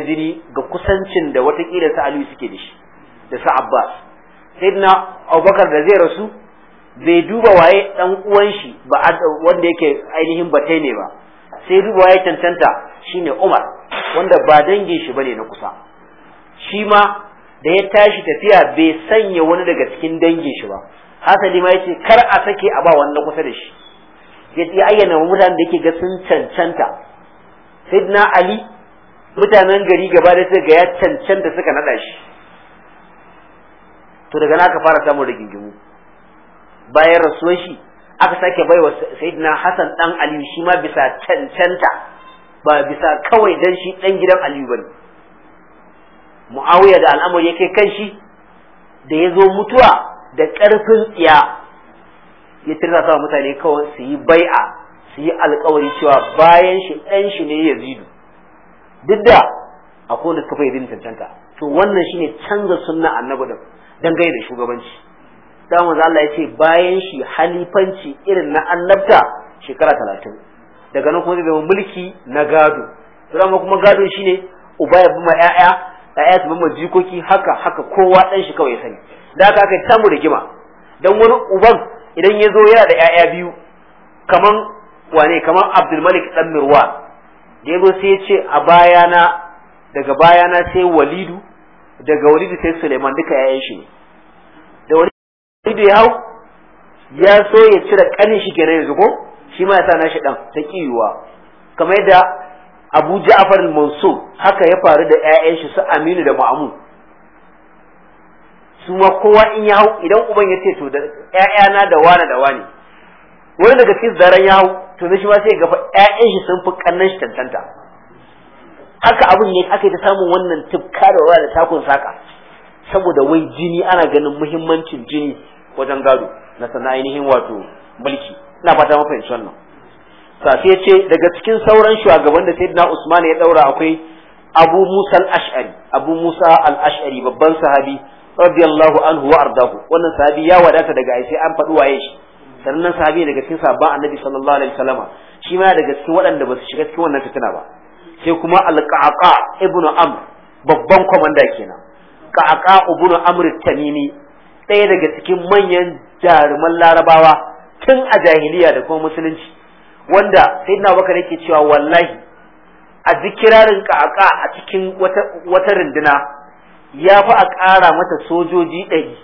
ga kusancin da watakila sa Aliyu suke da shi da sa Abbas sayyidina Abubakar da zai rasu bai duba waye dan uwan shi ba wanda yake ainihin batai ne ba sai duba waye cancanta shine Umar wanda ba dangin shi bane na kusa shi ma da ya tashi tafiya bai sanya wani daga cikin dangin shi ba hasali ma yace kar a sake a ba wanda kusa da shi ya ayyana mutanen da yake ga sun cancanta sayyidina Ali mutanen gari gaba da suka ga ya da suka nada shi to daga naka fara samun rigingimu bayan rasuwar shi aka sake baiwa sayyidina Hassan dan Aliyu shi ma bisa cancanta ba bisa kawai dan shi dan gidan Aliyu ba ne. Muawiya da al'amari yake kan shi da ya zo mutuwa da ƙarfin tsiya ya tirsa sa mutane kawai su yi bai'a su yi alkawari cewa bayan shi ɗan shi ne Yazidu duk da akwai wanda suka fayyadin cancanta to wannan shine canza sunna annabi din dangane da shugabanci da manzo Allah ya ce bayan shi halifanci irin na annabta shekara talatin daga nan kuma zai zama mulki na gado zama kuma gado shine uba ya bima 'ya'ya, ƴaƴa su bima jikoki haka haka kowa ɗan shi kawai ya sani da haka aka samu rigima dan wani uban idan ya zo yana da 'ya'ya biyu kaman wane kaman Abdul Malik dan Mirwan da yazo sai ya ce a bayana daga bayana sai walidu daga walidu sai suleiman duka yayan shi ne da walidu ya hau ya so ya cire kanin shi kenan yanzu ko shi ma ya sa shi ɗan ta kiyuwa kamar da Abu Ja'far mansur haka ya faru da ƴaƴan shi su Aminu da Ma'amu. su ma kowa in ya hau idan uban ya ce to da ƴaƴana da wani da wani wani daga cikin zaren yawo to ne shi ma sai ga fa ƴaƴan shi sun fi kannan shi tantanta haka abin ne aka yi ta samun wannan tufka da wara da takun saka saboda wai jini ana ganin muhimmancin jini wajen gado na sana ainihin wato mulki ina fata mafahimci wannan sa sai ce daga cikin sauran shugaban da sayyidina Usman ya daura akwai abu musa al-ash'ari abu musa al-ash'ari babban sahabi radiyallahu anhu wa ardahu wannan sahabi ya wadata daga ai sai an faɗi waye shi sannan sahabi daga cikin sahabban annabi sallallahu alaihi wasallama shi ma daga cikin waɗanda ba su shiga cikin wannan fitina ba sai kuma alqaqa ibnu amr babban komanda kenan qaqa ibnu amr tamimi ɗaya daga cikin manyan jaruman larabawa tun a jahiliya da kuma musulunci wanda sayyidina bakar yake cewa wallahi a zikirarin qaqa a cikin wata wata ya fi a ƙara mata sojoji ɗari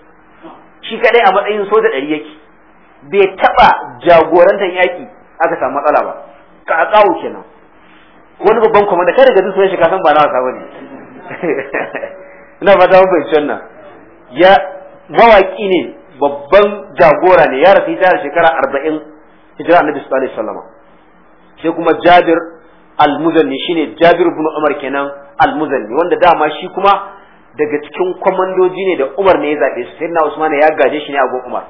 shi kaɗai a matsayin soja ɗari yake bai taɓa jagorantar yaki aka samu matsala ba ka a tsawo kenan wani babban da kada ga zuciyar shi shiga san ba na wasa bane ina fata mun fahimci wannan ya mawaki ne babban jagora ne ya rasu jihar shekara arba'in hijira annabi sallallahu alaihi wasallam sai kuma jabir al-muzanni shine jabir ibn umar kenan al-muzanni wanda dama shi kuma daga cikin kwamandoji ne da umar ne ya zaɓe su sai na usman ya gaje shi ne a umar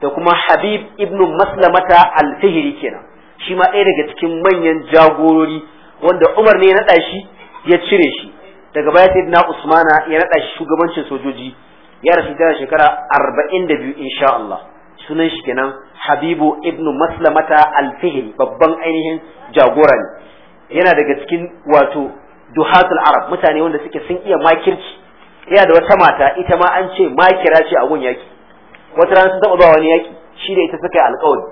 da kuma habib ibnu maslamata alfihiri kenan shi ma ɗaya daga cikin manyan jagorori wanda umar ne ya naɗa shi ya cire shi daga baya sai na usmana ya naɗa shi shugabancin sojoji ya rasu tana shekara arba'in da biyu insha Allah sunan shi kenan habibu ibnu maslamata alfihiri babban ainihin jagora ne yana daga cikin wato duhatul arab mutane wanda suke sun iya makirci yana da wata mata ita ma an ce makira ce a gun yaki wata rana sun taɓa zuwa wani yaƙi shi da ita suka yi alƙawari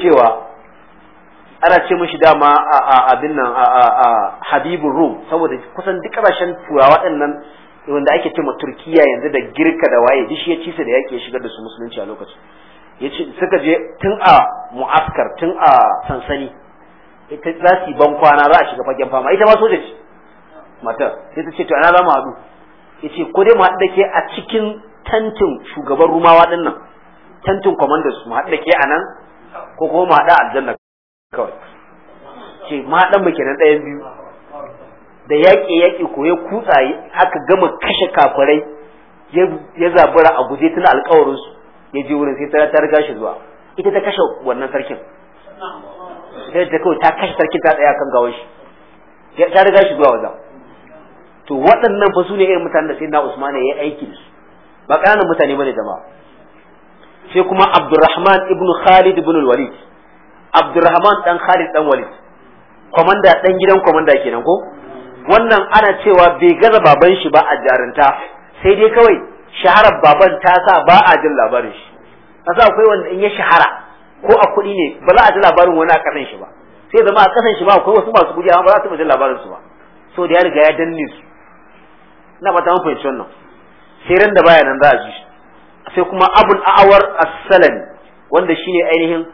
cewa ana ce mishi dama a abin nan a habibun rum saboda kusan duk ƙasashen turawa ɗannan wanda ake cewa Turkiyya turkiya yanzu da girka da waye duk ya ci da yaƙi ya shigar da su musulunci a lokacin ya ce suka je tun a mu'askar tun a sansani ita za su yi ban kwana za a shiga fagen fama ita ma soja ce matar sai ta ce to ana za mu haɗu ya ce ko dai mu haɗu da ke a cikin tantin shugaban rumawa din nan tantin kwamandan su haɗa ke a nan ko kuma mu haɗa aljanna kawai ce mu haɗan mu kenan ɗaya biyu da yaƙe yaƙe ko ya kutsa aka gama kashe kafirai ya zabura a guje tun alƙawarin su ya je wurin sai ta riga shi zuwa ita ta kashe wannan sarkin sai ta kawai ta kashe sarkin ta tsaya kan gawar shi ta riga shi zuwa wajen to waɗannan fa su ne irin mutanen da sai na Usman ya yi aiki da su ba ƙananan mutane bane jama'a sai kuma Abdurrahman ibn Khalid ibn Walid Abdurrahman dan Khalid dan Walid komanda dan gidan komanda kenan ko wannan ana cewa bai gaza baban shi ba a jarinta sai dai kawai shaharar baban ta sa ba a jin labarin shi sa akwai wanda in ya shahara ko a kuɗi ne ba za a ji labarin wani a kasan shi ba sai zama a kasan shi ba akwai wasu masu kuɗi amma ba za su ji labarin su ba so da ya riga ya danne su ina ba ta mafi wannan sai ran da baya nan za a ji sai kuma abul a'awar as salam wanda shine ainihin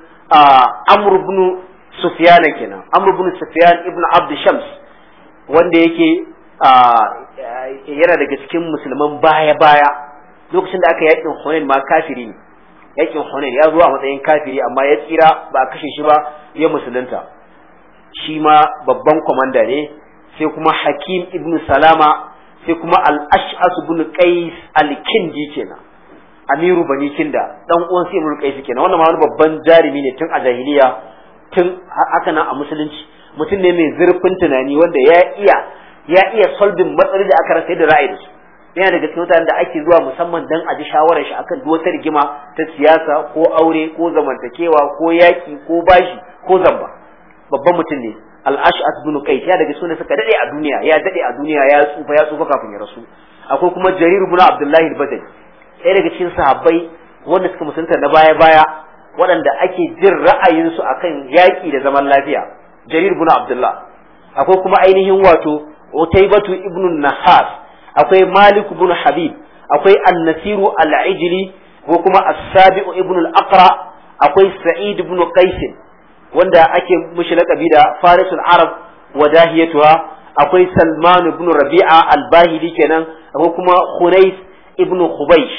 amr ibn sufyan kenan amr ibn sufyan ibn abd shams wanda yake yana daga cikin musulman baya baya lokacin da aka yakin hunain ma kafiri ne yakin hunain ya zo a matsayin kafiri amma ya tsira ba a kashe shi ba ya musulunta shi ma babban kwamanda ne sai kuma hakim ibn salama sai kuma al-ash'as qais al-kindi kenan amiru bani kinda dan uwan sai ibn qais kenan wannan ma wani babban jarumi ne tun a jahiliya tun haka nan a musulunci mutum ne mai zurfin tunani wanda ya iya ya iya solving matsaloli da aka rasa da ra'ayi da su yana daga cikin mutanen da ake zuwa musamman dan a ji shawarar shi akan duk wata rigima ta siyasa ko aure ko zamantakewa ko yaki ko bashi ko zamba babban mutum ne al-ash'ath bin qais ya daga sunan suka dade a duniya ya dade a duniya ya tsufa ya tsufa kafin ya rasu akwai kuma jarir bin abdullahi al-badri ɗaya daga cikin sahabbai wanda suka musulunta na baya baya waɗanda ake jin ra'ayinsu akan yaƙi da zaman lafiya jarir bin abdullah akwai kuma ainihin wato utaybatu ibn nahas akwai malik bin habib akwai an-nasiru al-ijli ko kuma as-sabi'u ibn al-aqra akwai sa'id ibn qais wanda ake mushi laƙabi da farisul arab wa dahiyatuha akwai salman ibn rabi'a al-bahili kenan akwai kuma hunais ibn khubaysh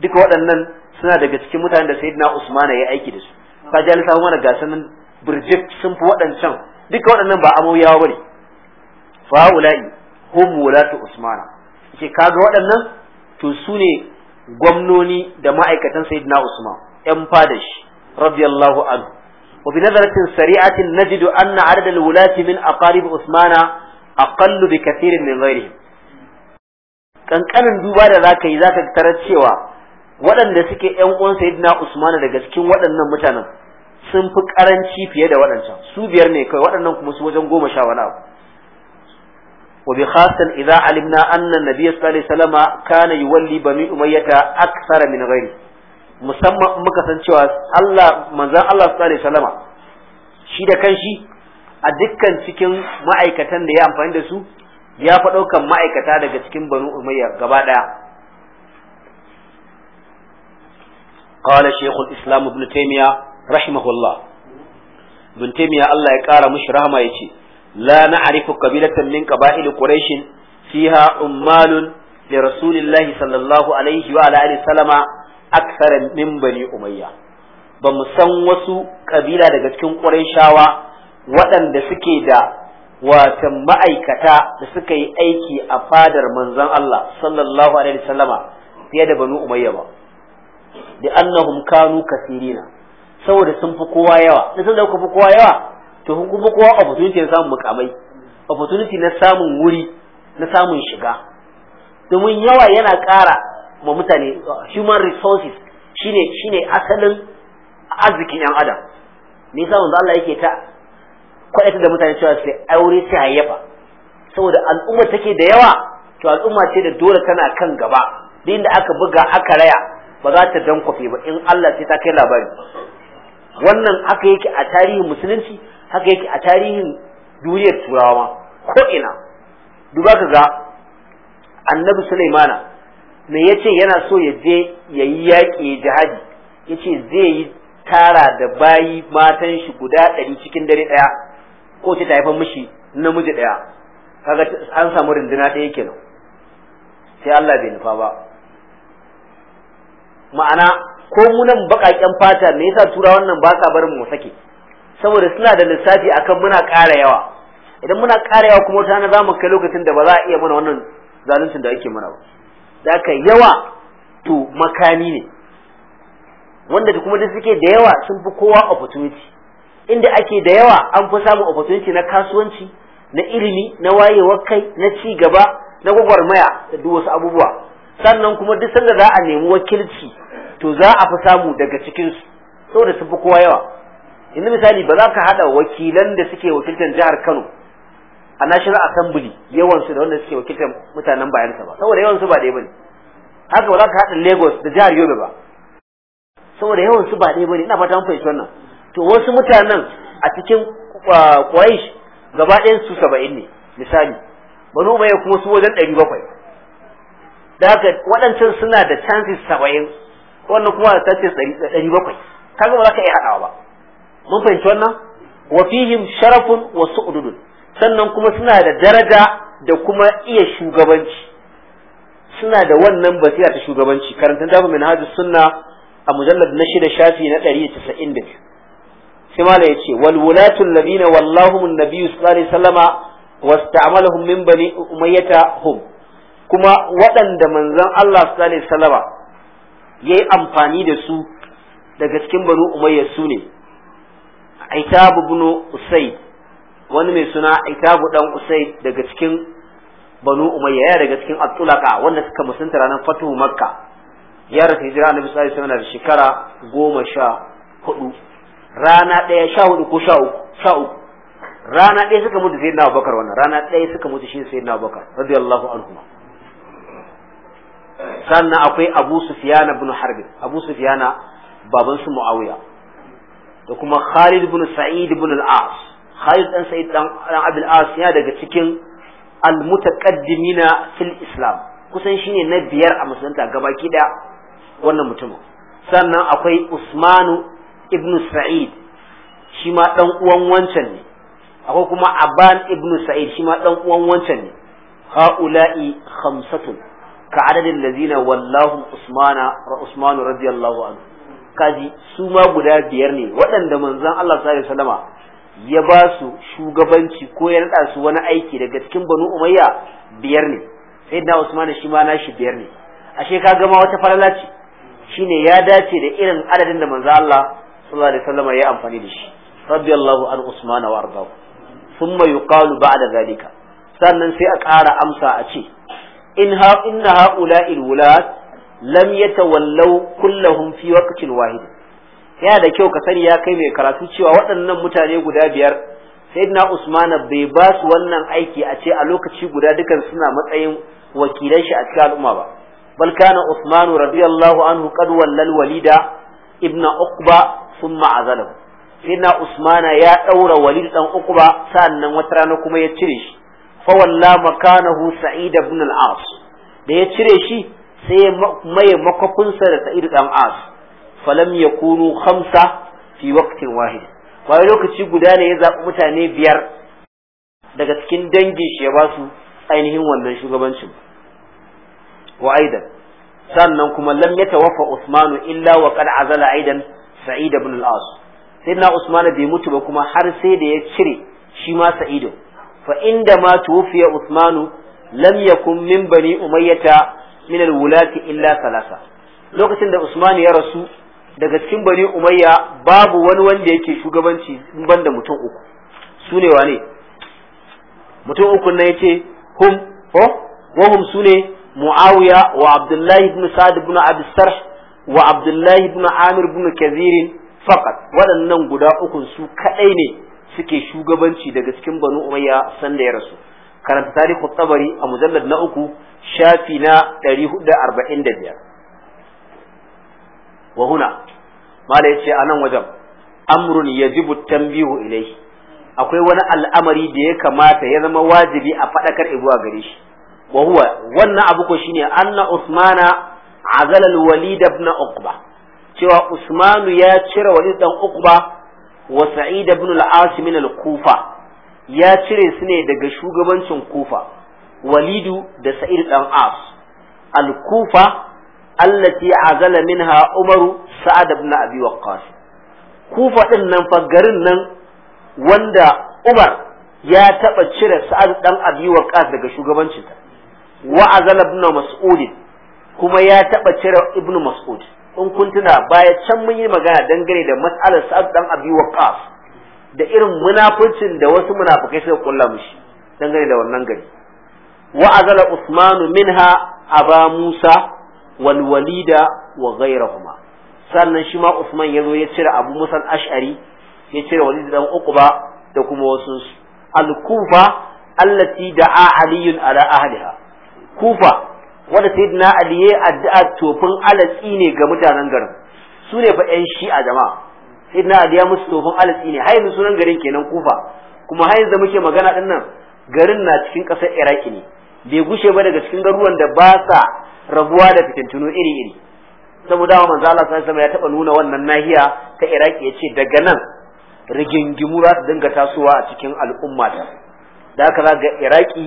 duka waɗannan suna daga cikin mutanen da sayyidina usmana ya aiki da su ka ji alisahu mana ga sanin birjik sun fi waɗancan duka waɗannan ba amoyawa bane ulai hum wulatu usmana ke kaga waɗannan to su ne gwamnoni da ma'aikatan sayyidina usman yan fadashi radiyallahu anhu وبنظرة سريعة نجد أن عدد الولاة من أقارب عثمان أقل بكثير من غيرهم كان كان دوبا da zaka yi zaka tarar cewa waɗanda suke ƴan uwan sayyidina Usman daga cikin waɗannan mutanen sun fi karanci fiye da waɗancan su biyar ne kai waɗannan kuma su wajen goma sha wani abu wa bi khasan idza alimna anna nabiyya sallallahu kana umayyata akthara min musamman muka san cewa Allah manzon Allah sallallahu alaihi wasallama shi da kanshi a dukkan cikin ma'aikatan da ya amfani da su ya fa daukan ma'aikata daga cikin banu umayya gaba daya qala shaykhul islam ibn taymiya rahimahullah ibn taymiya Allah ya kara mushi rahama yace la na'rifu qabilatan min qaba'il quraish fiha ummalun li rasulillahi sallallahu alaihi wa ala alihi sallama aksara min bani umayya ba mu san wasu kabila daga cikin ƙurayshawa waɗanda suke da watan ma'aikata da suka yi aiki a fadar manzon Allah sallallahu alaihi wasallama fiye da bani umayya ba da annahum kanu kasirina saboda sun fi kowa yawa da sun dauka fi kowa yawa to sun fi kowa opportunity na samun mukamai opportunity na samun wuri na samun shiga domin yawa yana ƙara ma mutane human resources shine shine asalin arzikin yan adam me yasa manzo Allah yake ta kwaitar da mutane cewa sai aure sai hayyafa saboda al'umma take da yawa to al'umma ce da dole tana kan gaba din da aka buga aka raya ba za ta dankwafe ba in Allah sai ta kai labari wannan haka yake a tarihin musulunci haka yake a tarihin duniyar turawa ko ina duba ka ga annabi sulaimana me yace yana so ya je ya yi yaƙi jihadi yace zai yi tara da bayi matan shi guda ɗari cikin dare ɗaya ko ta haifar mishi namiji ɗaya kaga an samu runduna ɗaya kenan sai Allah bai nufa ba ma'ana ko mu nan baƙaƙen fata me yasa tura wannan ba sa barin mu sake saboda suna da lissafi akan muna ƙara yawa idan muna ƙara yawa kuma ta na zamu kai lokacin da ba za a iya mana wannan zaluncin da ake mana ba da yawa to makami ne wanda da kuma da suke da yawa sun fi kowa opportunity inda ake da yawa an fi samu opportunity na kasuwanci na ilimi na wayewar kai na ci gaba na gwagwarmaya da duk wasu abubuwa sannan kuma duk sanda za a nemi wakilci to za a fi samu daga cikinsu saboda sun fi kowa yawa yanzu misali ba za ka haɗa wakilan da suke wakiltar jihar kano a national assembly yawan su da wanda suke wakiltar mutanen bayansa ba saboda yawan su ba ɗaya bane haka ba za ka haɗa Lagos da jihar Yobe ba saboda yawan su ba ɗaya bane ina fata mun fahimci wannan to wasu mutanen a cikin ah, Quraysh gaba ɗayan su 70 ne misali Banu Umayya kuma su wajen 700 da haka waɗancan suna da chances 70 wannan kuma da chances 700 kaga ba za ka iya hadawa ba mun fahimci wannan wa fihim sharafun wa su'ududun sannan kuma suna da daraja da kuma iya shugabanci suna da wannan basira ta shugabanci karantar dafa min hajji sunna a mujallar na shida shafi na ɗari da casa'in da biyu sai mala ya ce wal wulatun wallahu mun nabiyu sallallahu alaihi wasallama wasta'amalahum min bani umayyata hum kuma waɗanda manzon Allah sallallahu alaihi wasallama yayi amfani da su daga cikin bani umayya su ne Aitab ibn Usayd wani mai suna itabu dan usai daga cikin banu umayya ya daga cikin atulaka wanda suka musunta ranar fatu makka ya rasu hijira annabi sallallahu alaihi wasallam da shekara goma sha hudu rana ɗaya sha hudu ko sha uku sha uku rana ɗaya suka mutu sayyidina abubakar wannan rana ɗaya suka mutu shi sayyidina abubakar radiyallahu anhu sannan akwai abu sufiyana bin harbi abu sufiyana baban su muawiya da kuma khalid bin sa'id bin al-as Khalid ɗan Sa'id dan Abdul As yana daga cikin al-mutaqaddimina fil Islam kusan shine na biyar a musulunta gabaki da wannan mutumin sannan akwai Usmanu ibn Sa'id shi ma dan uwan wancan ne akwai kuma Aban ibn Sa'id shi ma dan uwan wancan ne ha'ula'i khamsatun ka adadin lazina wallahu Usmana Usmanu radiyallahu anhu kaji su ma guda biyar ne waɗanda manzon Allah sallallahu alaihi wasallama ya ba su shugabanci ko ya naɗa su wani aiki daga cikin banu umayya biyar ne sai da usman shi ma nashi biyar ne ashe ka gama wata farala ce shine ya dace da irin adadin da manzo Allah sallallahu alaihi wasallam ya amfani da shi radiyallahu an usman wa ardahu thumma yuqalu ba'da zalika sannan sai a ƙara amsa a ce in ha inna haula'il wulat lam yatawallaw kullahum fi waqtin wahid yana da kyau ka sani ya kai mai karatu cewa waɗannan mutane guda biyar sayyidina usman bai ba su wannan aiki a ce a lokaci guda dukan suna matsayin wakilan shi a cikin al'umma ba bal kana usman radiyallahu anhu qad wallal walida ibn uqba thumma azalahu sayyidina usman ya daura walid dan uqba sannan wata rana kuma ya cire shi fa walla makanahu sa'id ibn al-as da ya cire shi sai maye makafinsa da sa'id dan as falam kunu khamsa fi waktin wahid Waye lokaci guda ne ya zaɓi mutane biyar daga cikin dangin shi ya ba su ainihin wannan shugabancin wa aidan sannan kuma lam yatawaffa Usman illa wa qad azala aidan Sa'id ibn al-As sayyidina Usman bai mutu ba kuma har sai da ya cire shi ma Sa'id fa inda ma tuwfiya Usman lam yakun min bani Umayyah min al-wulati illa salasa lokacin da Usman ya rasu daga cikin bani umayya babu wani wanda yake shugabanci in banda mutum uku su ne wane mutum uku na yace hum ko wahum su ne muawiya wa abdullahi ibn sa'd ibn abi sarh wa abdullahi ibn amir ibn kazir faqat waɗannan guda uku su kadai ne suke shugabanci daga cikin bani umayya sanda ya rasu karanta tarihi tabari a mujallad na uku shafi na 445 wa huna mala yace a nan wajen amrun yajibu tanbihu ilayhi akwai wani al'amari da ya kamata ya zama wajibi a fadakar ibuwa gare shi wa huwa wannan abu ko shine anna usmana azala walid ibn uqba cewa usmanu ya cire walid dan uqba wa sa'id ibn al-asim al-kufa ya cire su ne daga shugabancin kufa walidu da sa'id dan as al-kufa allati azala minha umaru sa'ad ibn abi waqqas kufa din nan fa garin nan wanda umar ya taba cire sa'ad dan abi waqqas daga shugabancinta wa azala ibn mas'ud kuma ya taba cire ibn mas'ud in kun tuna baya can mun yi magana dangane da mas'alar sa'ad dan abi waqqas da irin munafucin da wasu munafukai suka kulla mushi dangane da wannan gari wa azala usmanu minha aba musa wal walida wa ghayrahuma sannan shi ma Usman yazo ya cire Abu musan ashari ya cire walida dan ba da kuma wasu al-Kufa allati da'a Ali ala ahliha Kufa wanda sayyidina Ali ya addu'a tofin alatsi ne ga mutanen garin su ne fa shi shi'a jama'a sayyidina Ali ya musu tofin alatsi ne hayin sunan garin kenan Kufa kuma hayin da muke magana dinnan garin na cikin ƙasar Iraki ne bai gushe ba daga cikin garuruwan da ba sa rabuwa da fitintunu iri-iri saboda wa manzo Allah sai ya taba nuna wannan nahiya ta Iraki yace daga nan rigingimu za su dinga tasowa a cikin al'umma ta da haka ga Iraki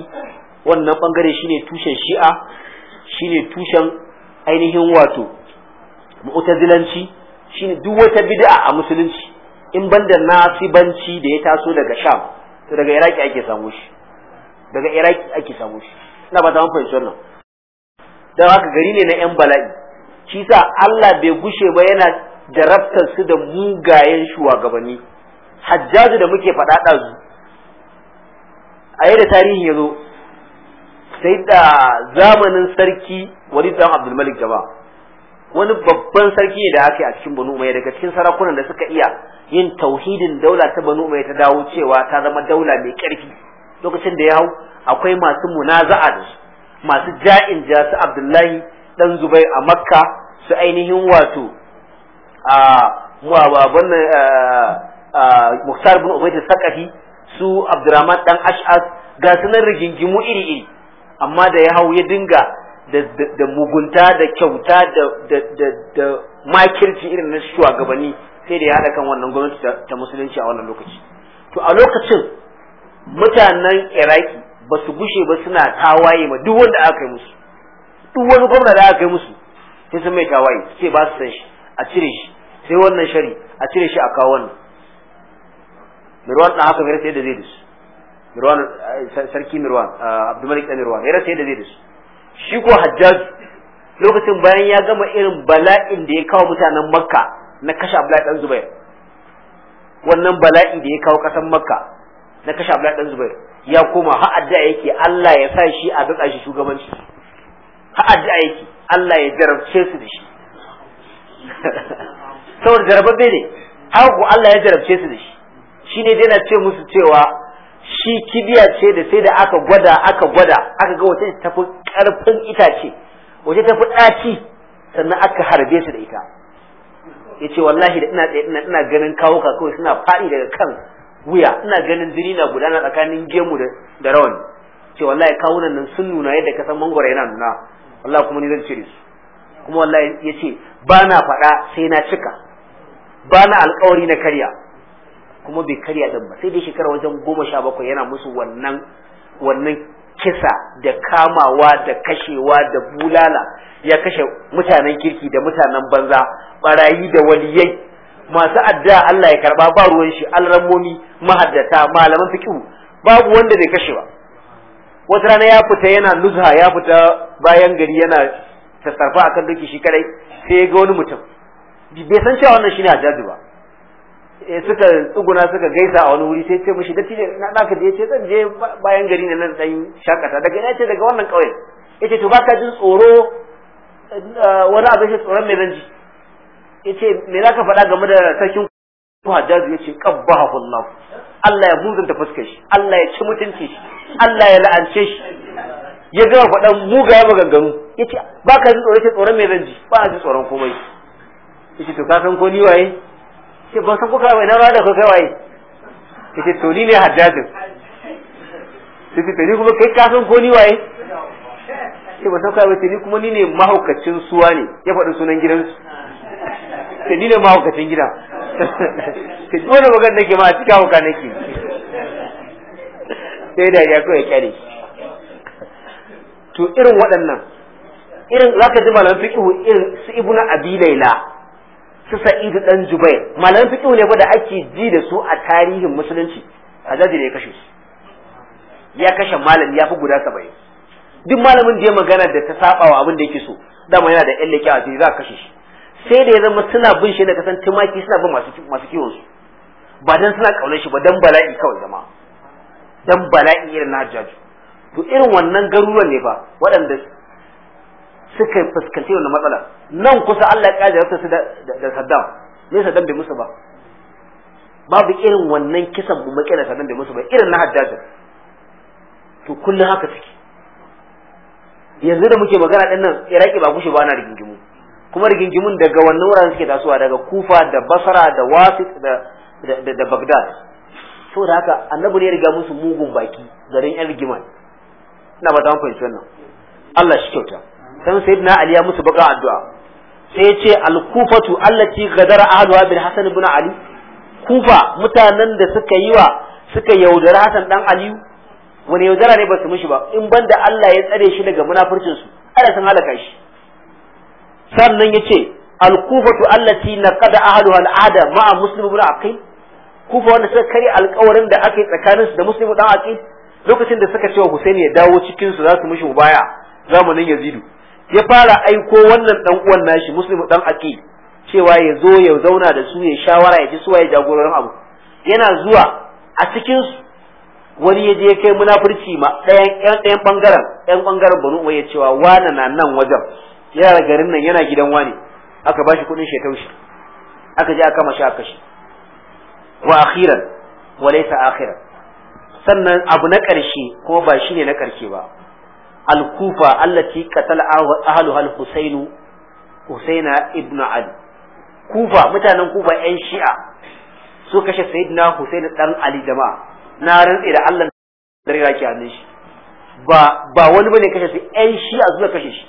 wannan bangare shine tushen Shi'a shine tushen ainihin wato mu'tazilanci shine duk wata bid'a a musulunci in banda nasibanci da ya taso daga Sham to daga Iraki ake samu shi daga Iraki ake samu shi ina ba ta mun fahimci wannan don haka gari ne na 'yan bala'i shi sa Allah bai gushe ba yana jarabtar su da mugayen shugabanni Hajjaju da muke faɗa ɗazu a yadda tarihi ya zo sai da zamanin sarki wani dan abdulmalik gaba wani babban sarki ne da aka yi a cikin banu umayya daga cikin sarakunan da suka iya yin tauhidin daula ta banu umayya ta dawo cewa ta zama daula mai ƙarfi lokacin da ya hau akwai masu munaza'a da su masu ja'in ja abdullahi dan zubai a makka su ainihin wato a mu'ababan muhtar bin ubayd sakafi su abdurrahman dan ash'as ga sunan rigingimu iri iri amma da ya hau ya dinga da mugunta da kyauta da makirci irin na shugabanni sai da ya haɗa kan wannan gwamnati ta musulunci a wannan lokaci to a lokacin mutanen iraki ba su gushe ba suna tawaye ma duk wanda aka yi musu duk wani gwamna da aka yi musu sai sun mai tawaye ce ba su san shi a cire shi sai wannan shari a cire shi a kawo wannan mirwan ɗan haka rasa yadda zai da su mirwan eh, sarki mirwan eh, abdulmalik da mirwan ya rasa yadda zai da su shi ko hajjaj lokacin bayan ya gama irin bala'in da ya kawo mutanen makka na kashe abdullahi Dan zubair wannan bala'i da ya kawo ƙasar makka na kashe Abdullahi dan Zubair ya koma ha'adda addu'a yake Allah ya sa shi a duka shi shugabanci Ha'adda addu'a yake Allah ya jarabce su da shi saboda bai ne haku Allah ya jarabce su da shi shine dai na ce musu cewa shi kibiya ce da sai da aka gwada aka gwada aka ga wata tafi karfin itace ta tafi ɗaki sannan aka harbe su da ita ya ce wallahi da ina ina ganin kawo kawai suna faɗi daga kan wuya ina ganin jini na gudana tsakanin gemu da rawani ce wallahi kawunan nan sun nuna yadda kasan mangwara yana nuna wallahi kuma ni zan cire su kuma wallahi ya ce ba na faɗa sai na cika ba na alkawari na karya kuma bai karya din ba sai dai shekara wajen goma sha bakwai yana musu wannan wannan kisa da kamawa da kashewa da bulala ya kashe mutanen kirki da mutanen banza barayi da waliyai masu addu'a Allah ya karba ba ruwan shi alrammomi mahaddata malaman fiqhu babu wanda bai kashe ba wata rana ya fita yana nuzha ya fita bayan gari yana tasarfa akan doki shi kadai sai ya ga wani mutum bai san cewa wannan shine ajaji ba eh, suka tsuguna suka gaisa a wani wuri sai ce mishi dattijo na naka je yace zan je bayan gari ne nan dan shakata daga ina ce daga wannan kauye yace to baka jin tsoro eh, wani abin shi tsoron me zan ji yace me zaka faɗa game da sarkin ku Hajjaju yace qabbahu Allah Allah ya muzunta fuskar shi Allah ya ci mutunci shi Allah ya la'ance shi ya gama faɗan mugaye maganganu yace ba ka jin tsoron tsoron me zan ji ba ji tsoron komai yace to ka san ko ni waye ce ba san ko kai na ba da ko kai waye yace to ni ne Hajjaju yace ta ni kuma kai ka san ko ni waye ce ba san kai ba ni kuma ni ne mahaukacin suwa ne ya faɗi sunan gidansu ce ni ne mahaukacin gida ka ji wani magana nake ma a cika hauka nake sai da ya kawai kyare to irin waɗannan irin za ka ji malamin fiƙihu irin su ibuna abi laila su sa'idu dan jubai malamin fiƙihu ne ba da ake ji da su a tarihin musulunci a zaji da ya kashe su ya kashe malami ya fi guda saba'in duk malamin da ya magana da ta saba wa abin da yake so dama yana da ƴan leƙi a za a kashe shi sai da ya zama suna bin shi da kasan tumaki suna bin masu kiwon su ba dan suna kaunar shi ba dan bala'i kawai zama dan bala'i irin na jaju to irin wannan garuruwan ne ba waɗanda suka fuskanci wannan matsala nan kusa Allah ya kaje su da Saddam ne Saddam bai musu ba babu irin wannan kisan mu makira Saddam bai musu ba irin na Haddad to kullun haka suke yanzu da muke magana din nan Iraki ba kushe ba na rigingimu kuma rigingimun daga wannan wuraren suke tasowa daga kufa da basara da wasit da da, da haka annabi ne ya riga musu mugun baki garin yan rigiman ina ba ta fahimci wannan Allah shi kyauta san sayyidina ali ya musu baka addu'a sai ya ce al-kufatu allati ghadara ahlu abi hasan ibn ali kufa mutanen da suka yi wa suka yaudara hasan dan aliyu wani yaudara ne ba su mishi ba in banda Allah ya tsare shi daga munafurcin su ana san halaka shi sannan yace al alkufatu allati naqada ahlu al-ada ma'a muslim ibn aqil kufa wanda suka kare alƙawarin da aka yi tsakanin su da muslim ibn aqil lokacin da suka cewa Husaini ya dawo cikin su za su mishi baya zamanin Yazidu ya fara aiko wannan dan uwan nashi muslim dan aqil cewa ya zo ya zauna da su ya shawara ya ji su ya jagororin abu yana zuwa a cikin wani ya je ya kai munafurci ma ɗayan ɗayan ɓangaren ɗayan ɓangaren banu waye cewa wana na nan wajen yara garin nan yana gidan wani aka bashi kudin shi taushi aka je aka mashi aka shi wa akhiran wa laysa akhiran sannan abu na karshe ko ba shine na karshe ba al-kufa allati qatala ahlu al-husainu husaina ibn ali kufa mutanen kufa yan shi'a su kashe sayyidina husayn dan ali jama'a na rantsi da Allah da rira ki shi ba ba wani bane kashe su yan shi'a suka kashe shi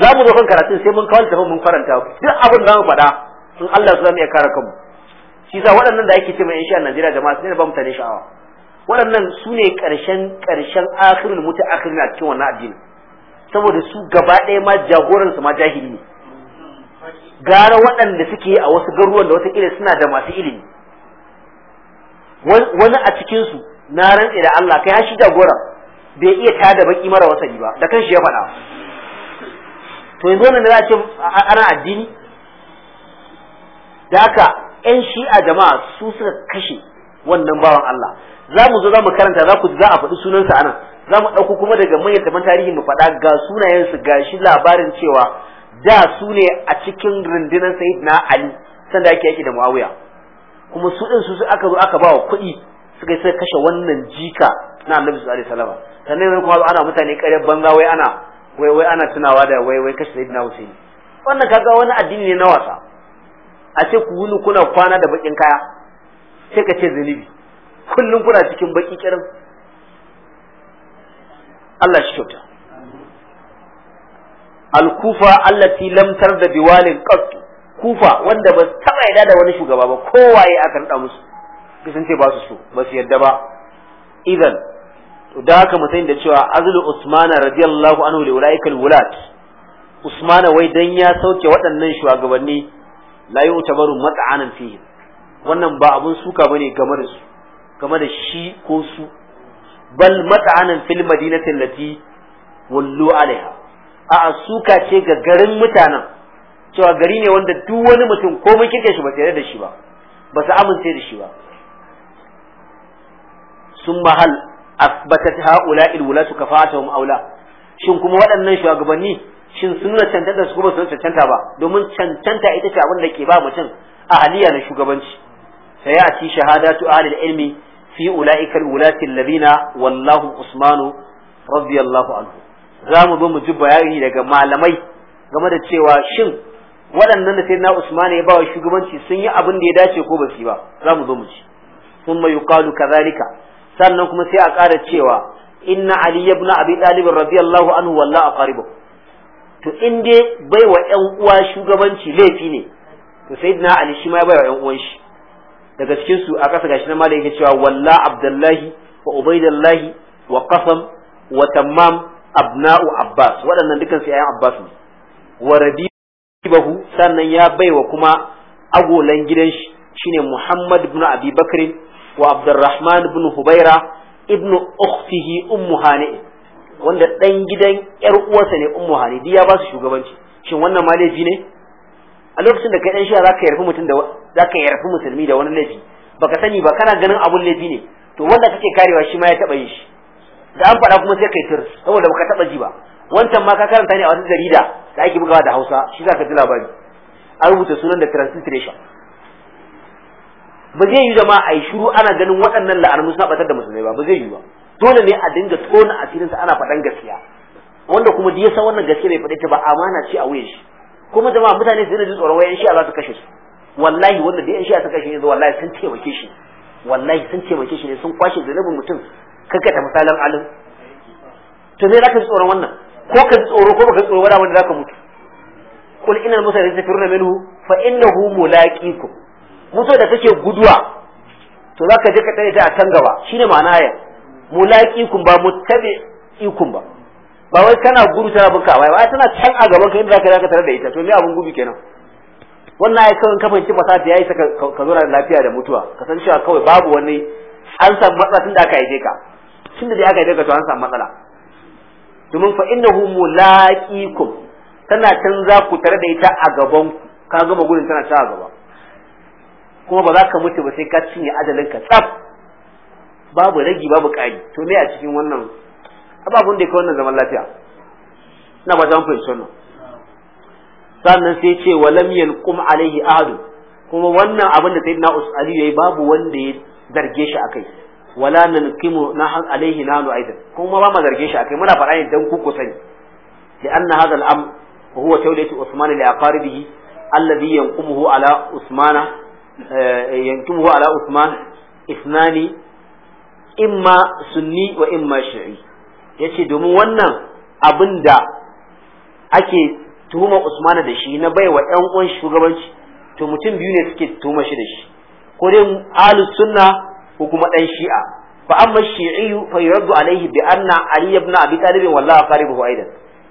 za mu zo kan karatun sai mun kawo littafin mun faranta duk abin da mu faɗa in Allah su zamu iya kare kanmu shi sa waɗannan da ake ce mai insha Najeriya jama'a sai da ba mutane sha'awa waɗannan su ne ƙarshen ƙarshen akhirul muta akhirin a cikin wannan addini saboda su gaba ɗaya ma jagoran su ma jahili ne gara waɗanda suke a wasu garuruwan da wata suna da masu ilimi wani a cikinsu na rantse da Allah kai har shi jagora bai iya tada baki mara wasani ba da kanshi ya faɗa to yanzu wannan da za a ce ana addini da haka yan shi'a jama'a su suka kashe wannan bawan Allah za mu zo za mu karanta za ku za a faɗi sunansa anan za mu ɗauko kuma daga manyan taban tarihi mu faɗa ga sunayensu ga shi labarin cewa da su ne a cikin rundunar sayid na ali sanda yake yaki da muawiya kuma su ɗin su aka zo aka bawa kuɗi suka sai kashe wannan jika na annabi sallallahu alaihi wasallam sannan kuma ana mutane karyar banza wai ana wai wai ana tunawa da wai wai kashe sayyidina Husaini wannan kaga wani addini ne na wasa a ce ku wuni kuna kwana da bakin kaya sai ka ce zunubi kullum kuna cikin baki kirin Allah shi kyauta al-kufa allati lam tarda biwalin qat kufa wanda ba ta yarda da wani shugaba ba kowaye aka da musu sun ce ba su so ba su yarda ba idan to da haka mu sani da cewa azlu usmana radiyallahu anhu li ulaika alwulat usmana wai dan ya sauke waɗannan shugabanni la yu'tabaru mat'anan fihi wannan ba abun suka bane game da su game da shi ko su bal mat'anan fil madinatin lati wallu alaiha a suka ce ga garin mutanen cewa gari ne wanda duk wani mutum mun kike shi ba tare da shi ba ba su amince da shi ba sun mahal asbatat haula il wulatu kafatuhum aula shin kuma waɗannan shugabanni shin sun na cancanta su kuma sun cancanta ba domin cancanta ita ce abin da ke ba mutum ahaliya na shugabanci sai a ci shahadatu ahlil ilmi fi ulaika wulati alladhina wallahu usmanu radiyallahu anhu za mu zo mu ji bayani daga malamai game da cewa shin waɗannan da sayyidina Usman ya bawa shugabanci sun yi abin da ya dace ko ba su yi ba za mu zo mu ji ثم يقال كذلك sannan kuma sai a ƙara cewa inna ali ibn abi talib radiyallahu anhu walla aqaribu to in dai bai wa ƴan uwa shugabanci laifi ne to sayyidina ali shi ma ya bai wa ƴan uwan shi daga cikin su a ƙasa gashi na malai yake cewa walla abdullahi wa ubaidallahi wa qasam wa tammam abna'u abbas waɗannan dukkan su 'ƴan abbas ne wa rabibahu sannan ya baiwa kuma agolan gidan shi shine muhammad ibn abi bakrin wa Abdurrahman ibn Hubaira ibn ukhtihi ummu wanda dan gidan yar uwarsa ne ummu Hani duk ya ba su shugabanci shin wannan ma laifi ne a lokacin da kai dan shi zaka yarfi mutum da zaka yarfi musulmi da wani laifi baka sani ba kana ganin abun laifi ne to wanda kake karewa shi ma ya taba yin shi da an faɗa kuma sai kai tur saboda baka taba ji ba wancan ma ka karanta ne a wata jarida da ake bugawa da Hausa shi zaka ji labari an rubuta sunan da transliteration ba zai yi zama a yi shiru ana ganin waɗannan la'armu suna batar da musulmai ba ba zai yi ba dole ne a dinga tona asirinsa ana faɗan gaskiya wanda kuma ya san wannan gaskiya bai faɗi ta ba amana ce a wuyan shi kuma jama'a mutane su ji tsoron wayan shi'a za su kashe su wallahi wanda da yan shi'a su kashe yanzu wallahi sun taimake shi wallahi sun taimake shi ne sun kwashe zunubin mutum ta misalan alim to sai zaka ji tsoron wannan ko ka ji tsoro ko baka ji tsoro wanda zaka mutu qul innal musallina yasfiruna minhu fa innahu mulaqikum muso da kake guduwa to za ka je ka tsaye ta a can gaba shine ma'ana ayar kun ba ikun ba ba wai kana gudu tana bin ka ba tana can a gaban ka inda zaka ka tare da ita to me abun gudu kenan wannan ai kawai kafin ci fasa yayi saka ka zo lafiya da mutuwa ka san cewa kawai babu wani an samu matsala tun da aka haife ka tun da aka haife ka to an samu matsala domin fa innahu mulaqikum tana can za ku tare da ita a gaban ku ka gama gudun tana ta a gaba kuma ba za ka mutu ba sai ka cinye ajalin ka tsaf babu ragi babu ƙari to me a cikin wannan ababun da ya wannan zaman lafiya ina ba zan mun fahimci wannan sannan sai ce wa lam yalqum alaihi ahadu kuma wannan abin da na usali yayi babu wanda ya zarge shi akai wala nankimu nahan alaihi nanu aidan kuma ba ma zarge shi akai muna faɗa ne dan ku ku sani li anna hadha al-amr huwa tawliyatu Usman li aqaribihi alladhi yanqumuhu ala Usmana Eh, eh, yankimuhu ala Uthman isnani imma sunni wa imma shi'i yace domin wannan abin da ake tuhuma Usman da shi na baiwa 'yan uwan shugabanci to mutum biyu ne suke tuhuma shi da shi ko dai ahlus sunna ko kuma dan shi'a fa amma shi'i fa yuraddu alaihi bi anna ali ibn abi talib wallahi qaribuhu aidan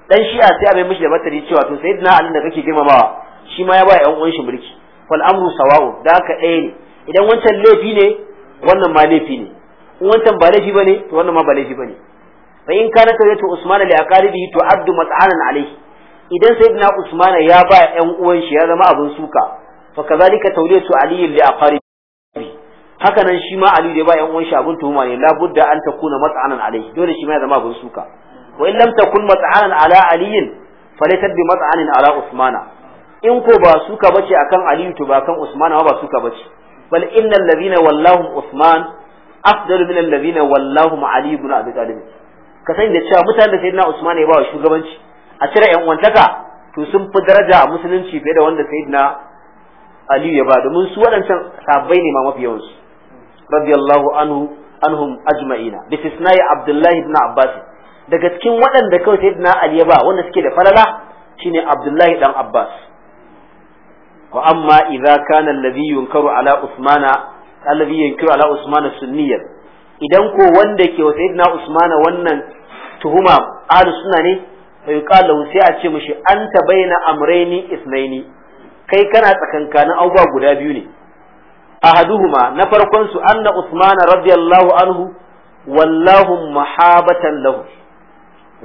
dan shi'a sai a bai mishi da batari cewa to sayyidina ali da kake girmamawa shi ma ya ba ƴan uwan shi mulki falamru sawa'u da haka ɗaya ne idan wancan laifi ne wannan ma laifi ne in wancan ba laifi bane to wannan ma ba laifi bane fa in kana usmana li aqaribihi mat'anan alayhi idan sayyidina usmana ya ba ƴan uwan shi ya zama abin suka fa kazalika tawliyatu ali li aqaribihi haka nan shi ma ali da ba ƴan uwan shi abin tuhuma ne labudda an takuna mat'anan alayhi dole shi ma ya zama abin suka wa in lam takun mat'anan ala aliyin falaysat bi mat'anin ala usmana in ko ba suka bace akan aliyu to ba kan usman ba suka bace bal innal ladina wallahu usman afdalu min alladhina wallahu ali ibn abi talib ka sani da cewa mutanen da sayyidina usman ya ba wa shugabanci a cire yan wantaka to sun fi daraja a musulunci fiye da wanda sayyidina aliyu ya ba domin su waɗancan sabbai ne ma mafi su radiyallahu anhu anhum ajma'ina bi tisnai abdullahi ibn abbas daga cikin waɗanda kawai sayyidina ali ya ba wanda suke da falala shine abdullahi dan abbas wa amma idza kana alladhi yunkaru ala idan ko wanda ke wa sayyidina usmana wannan tuhuma ahlus sunna ne fa yuqal mashi, sai a ce mishi anta baina amrayni isnaini kai kana tsakankanin abubuwa guda biyu ne ahaduhuma na farkon su anna usmana radiyallahu anhu wallahu mahabatan lahu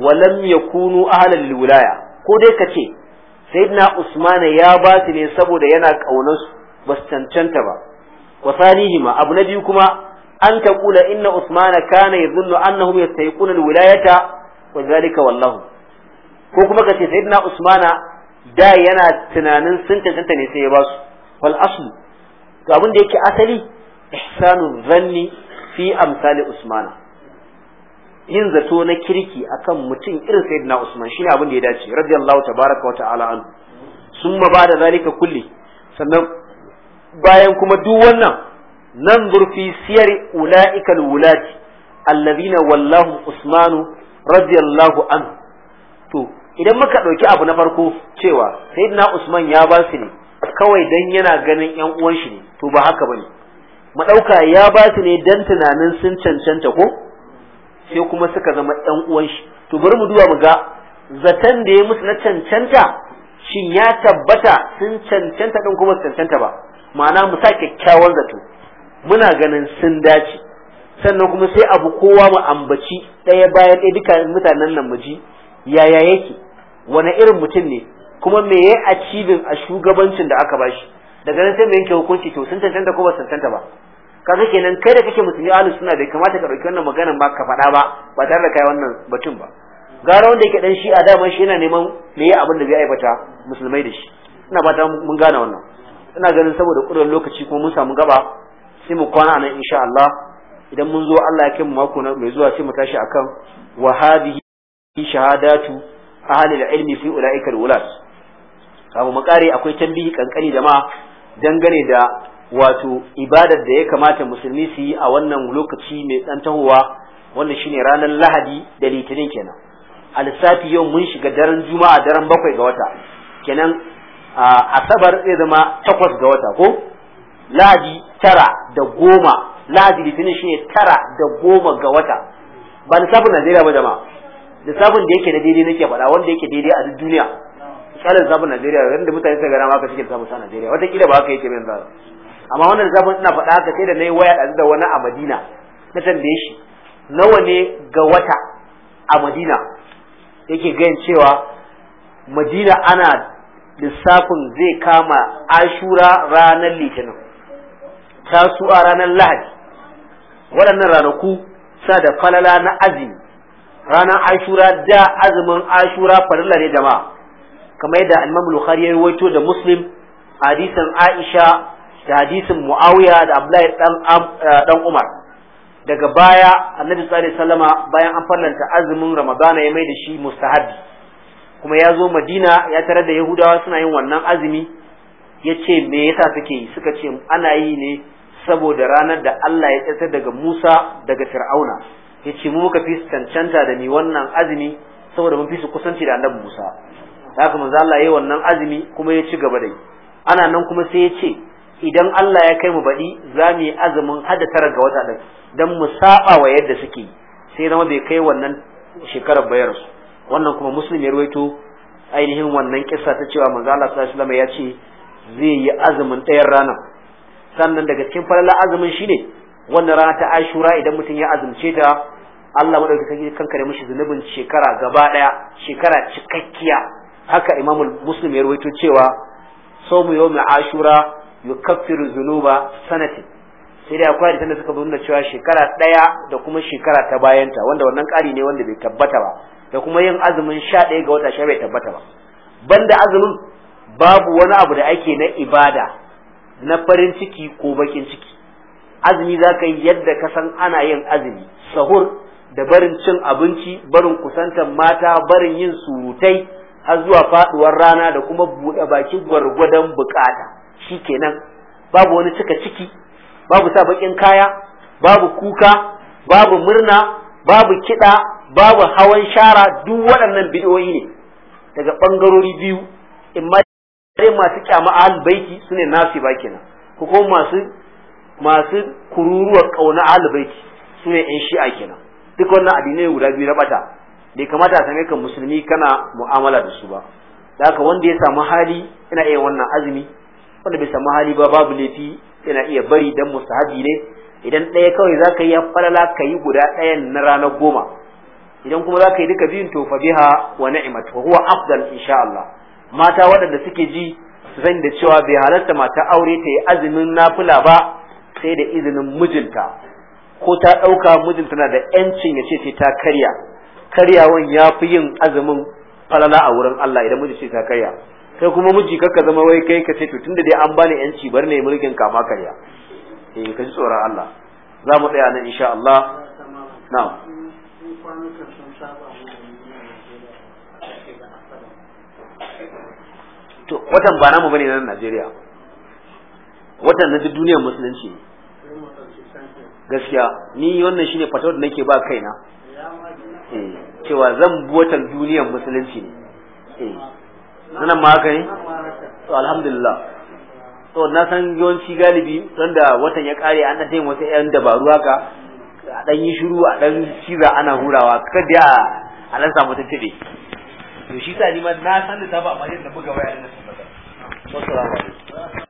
wa lam yakunu ahlan lilwilaya ko dai kace sayyidina usman ya basu ne saboda yana kaunar su ba cancanta ba wa salihima abu na biyu kuma an ta kula inna usman kana yadhunnu annahum yastayquna alwilayata wa zalika wallahu ko kuma ka ce sayyidina usmana da yana tunanin sun cancanta ne sai ya ba su wal aslu to abin da yake asali ihsanu zanni fi amsali usmana yin zato na kirki akan mutum irin sayyidina Usman shine abin da ya dace radiyallahu tabaraka wa ta'ala an ba da zalika kulli sannan bayan kuma duk wannan nan zurfi siyar ulaika alwulati alladhina wallahu Usman radiyallahu an to idan muka dauki abu na farko cewa sayyidina Usman ya ba su ne kawai dan yana ganin yan uwan shi ne to ba haka bane mu dauka ya ba su ne dan tunanin sun cancanta ko sai kuma suka zama ɗan uwan shi to bari mu duba mu ga zaton da ya musu na cancanta shin ya tabbata sun cancanta ɗin kuma cancanta ba ma'ana mu sa kyakkyawan zato muna ganin sun dace sannan kuma sai abu kowa mu ambaci ɗaya bayan ɗaya duka mutanen nan mu ji yaya yake wani irin mutum ne kuma me ya a cibin a shugabancin da aka bashi daga nan sai mu yanke hukunci to sun cancanta ko ba cancanta ba kaga kenan kai da kake musulmi ahlus suna bai kamata ka dauki wannan maganan ba ka faɗa ba ba tare da kai wannan batun ba gara wanda yake dan shi a daman shi yana neman me yi abin da zai aibata musulmai da shi ina fata mun gane wannan ina ganin saboda ƙudurin lokaci kuma mun samu gaba sai mu kwana nan insha Allah idan mun zo Allah ya kai mu mako na mai zuwa sai mu tashi akan wa hadhihi shahadatu ahli ilmi fi ulaika ulas kafin mu kare akwai tambihi kankani jama'a dangane da wato ibadar da ya kamata musulmi su yi a wannan lokaci mai ɗan tahowa wanda shine ranar lahadi da litinin kenan a lissafi yau mun shiga daren juma'a daren bakwai ga wata kenan asabar zai zama takwas ga wata ko lahadi tara da goma lahadi litinin shine tara da goma ga wata ba lissafin najeriya ba jama'a lissafin da yake da daidai nake faɗa wanda yake daidai a duk duniya misalin lissafin najeriya yadda mutane suka gana ma ka shige lissafin sa najeriya watakila ba haka yake mai zara amma wannan lissafin ina faɗa haka sai da na yi waya ɗazu da wani a madina na tambaye shi nawa ne ga wata a madina yake gayan cewa madina ana lissafin zai kama ashura ranar litinin a ranar lahadi waɗannan ranaku sa da falala na azumi ranar ashura da azumin ashura farilla ne jama'a kamar yadda al-imam bukhari ya rawaito da muslim hadisan aisha da hadisin muawiya da abdullahi dan eh, dan umar daga baya annabi sallallahu alaihi wasallama bayan an fallanta azumin ramadana ya mai da shi mustahabi kuma ya zo madina ya tarar da yahudawa suna yin wannan azumi ya ce me yasa suke yi suka ce ana yi ne saboda ranar da Allah ya tsayar daga Musa daga Fir'auna ya ce mu muka fi cancanta da ni wannan azumi saboda mun fi su kusanci da annabi Musa haka manzo Allah yi wannan azumi kuma ya ci gaba da yi ana nan kuma sai ya ce idan Allah ya kai mu baɗi za mu yi azumin hada tara ga wata ɗin don mu saba wa yadda suke sai zama bai kai wannan shekarar bayar su wannan kuma muslim ya ruwaito ainihin wannan kissa ta cewa manzo Allah sallallahu alaihi ya ce zai yi azumin ɗayan rana sannan daga cikin falala azumin shine wannan rana ta Ashura idan mutum ya azumce ta Allah madaukakin kankare mishi zunubin shekara gaba ɗaya shekara cikakkiya haka Imam Muslim ya ruwaito cewa sau mu yau mai Ashura yukaffiru zunuba sanati sai dai akwai hadisan da suka nuna cewa shekara ɗaya da kuma shekara ta bayanta wanda wannan ƙari ne wanda bai tabbata ba da kuma yin azumin sha ɗaya ga wata sha bai tabbata ba banda azumin babu wani abu da ake na ibada na farin ciki ko bakin ciki azumi za ka yi yadda ka san ana yin azumi sahur da barin cin abinci barin kusantar mata barin yin surutai har zuwa faɗuwar rana da kuma buɗe baki gwargwadon bukata shikenan babu wani cika ciki babu sa bakin kaya babu kuka babu murna babu kiɗa babu hawan shara duk waɗannan bid'o'i ne daga ɓangarori biyu ma dai masu kyama albaiki baiti su ne nasu ba kenan ko kuma masu masu kururuwar ƙauna albaiki baiti su ne yan shi'a kenan duk wannan addinai guda biyu na bata bai kamata a same ka musulmi kana mu'amala da su ba da haka wanda ya samu hali ina iya wannan azumi wanda bai samu hali ba babu laifi yana iya bari dan musahabi ne idan ɗaya kawai za ka yi falala ka yi guda ɗayan na ranar goma idan kuma za ka yi duka biyun to fa biha wa ni'mat wa huwa afdal insha Allah mata waɗanda suke ji su sani da cewa bai halarta mata aure ta yi azumin nafila ba sai da izinin mijinta ko ta ɗauka mijinta na da ‘yancin ya ce ta karya karyawan ya fi yin azumin falala a wurin Allah idan mijin ce ta karya kai kuma miji kakka zama wai kai ka ce to tunda dai an bani yanci bar ne mulkin kama karya eh ka ji tsoron Allah za mu tsaya nan insha Allah na'am to watan ba namu bane nan Najeriya watan na duniyar musulunci gaskiya ni wannan shine fatawar da nake ba kaina eh, cewa zan bu watan duniyar musulunci ne eh nan ma haka ne to alhamdulillah to na san yawanci galibi don da watan ya kare an dan wata wasu yan dabaru haka a dan yi shiru a dan ciza ana hurawa kada ya a dan samu tattabe to shi sa ni ma na san da ba amma yadda buga waya ne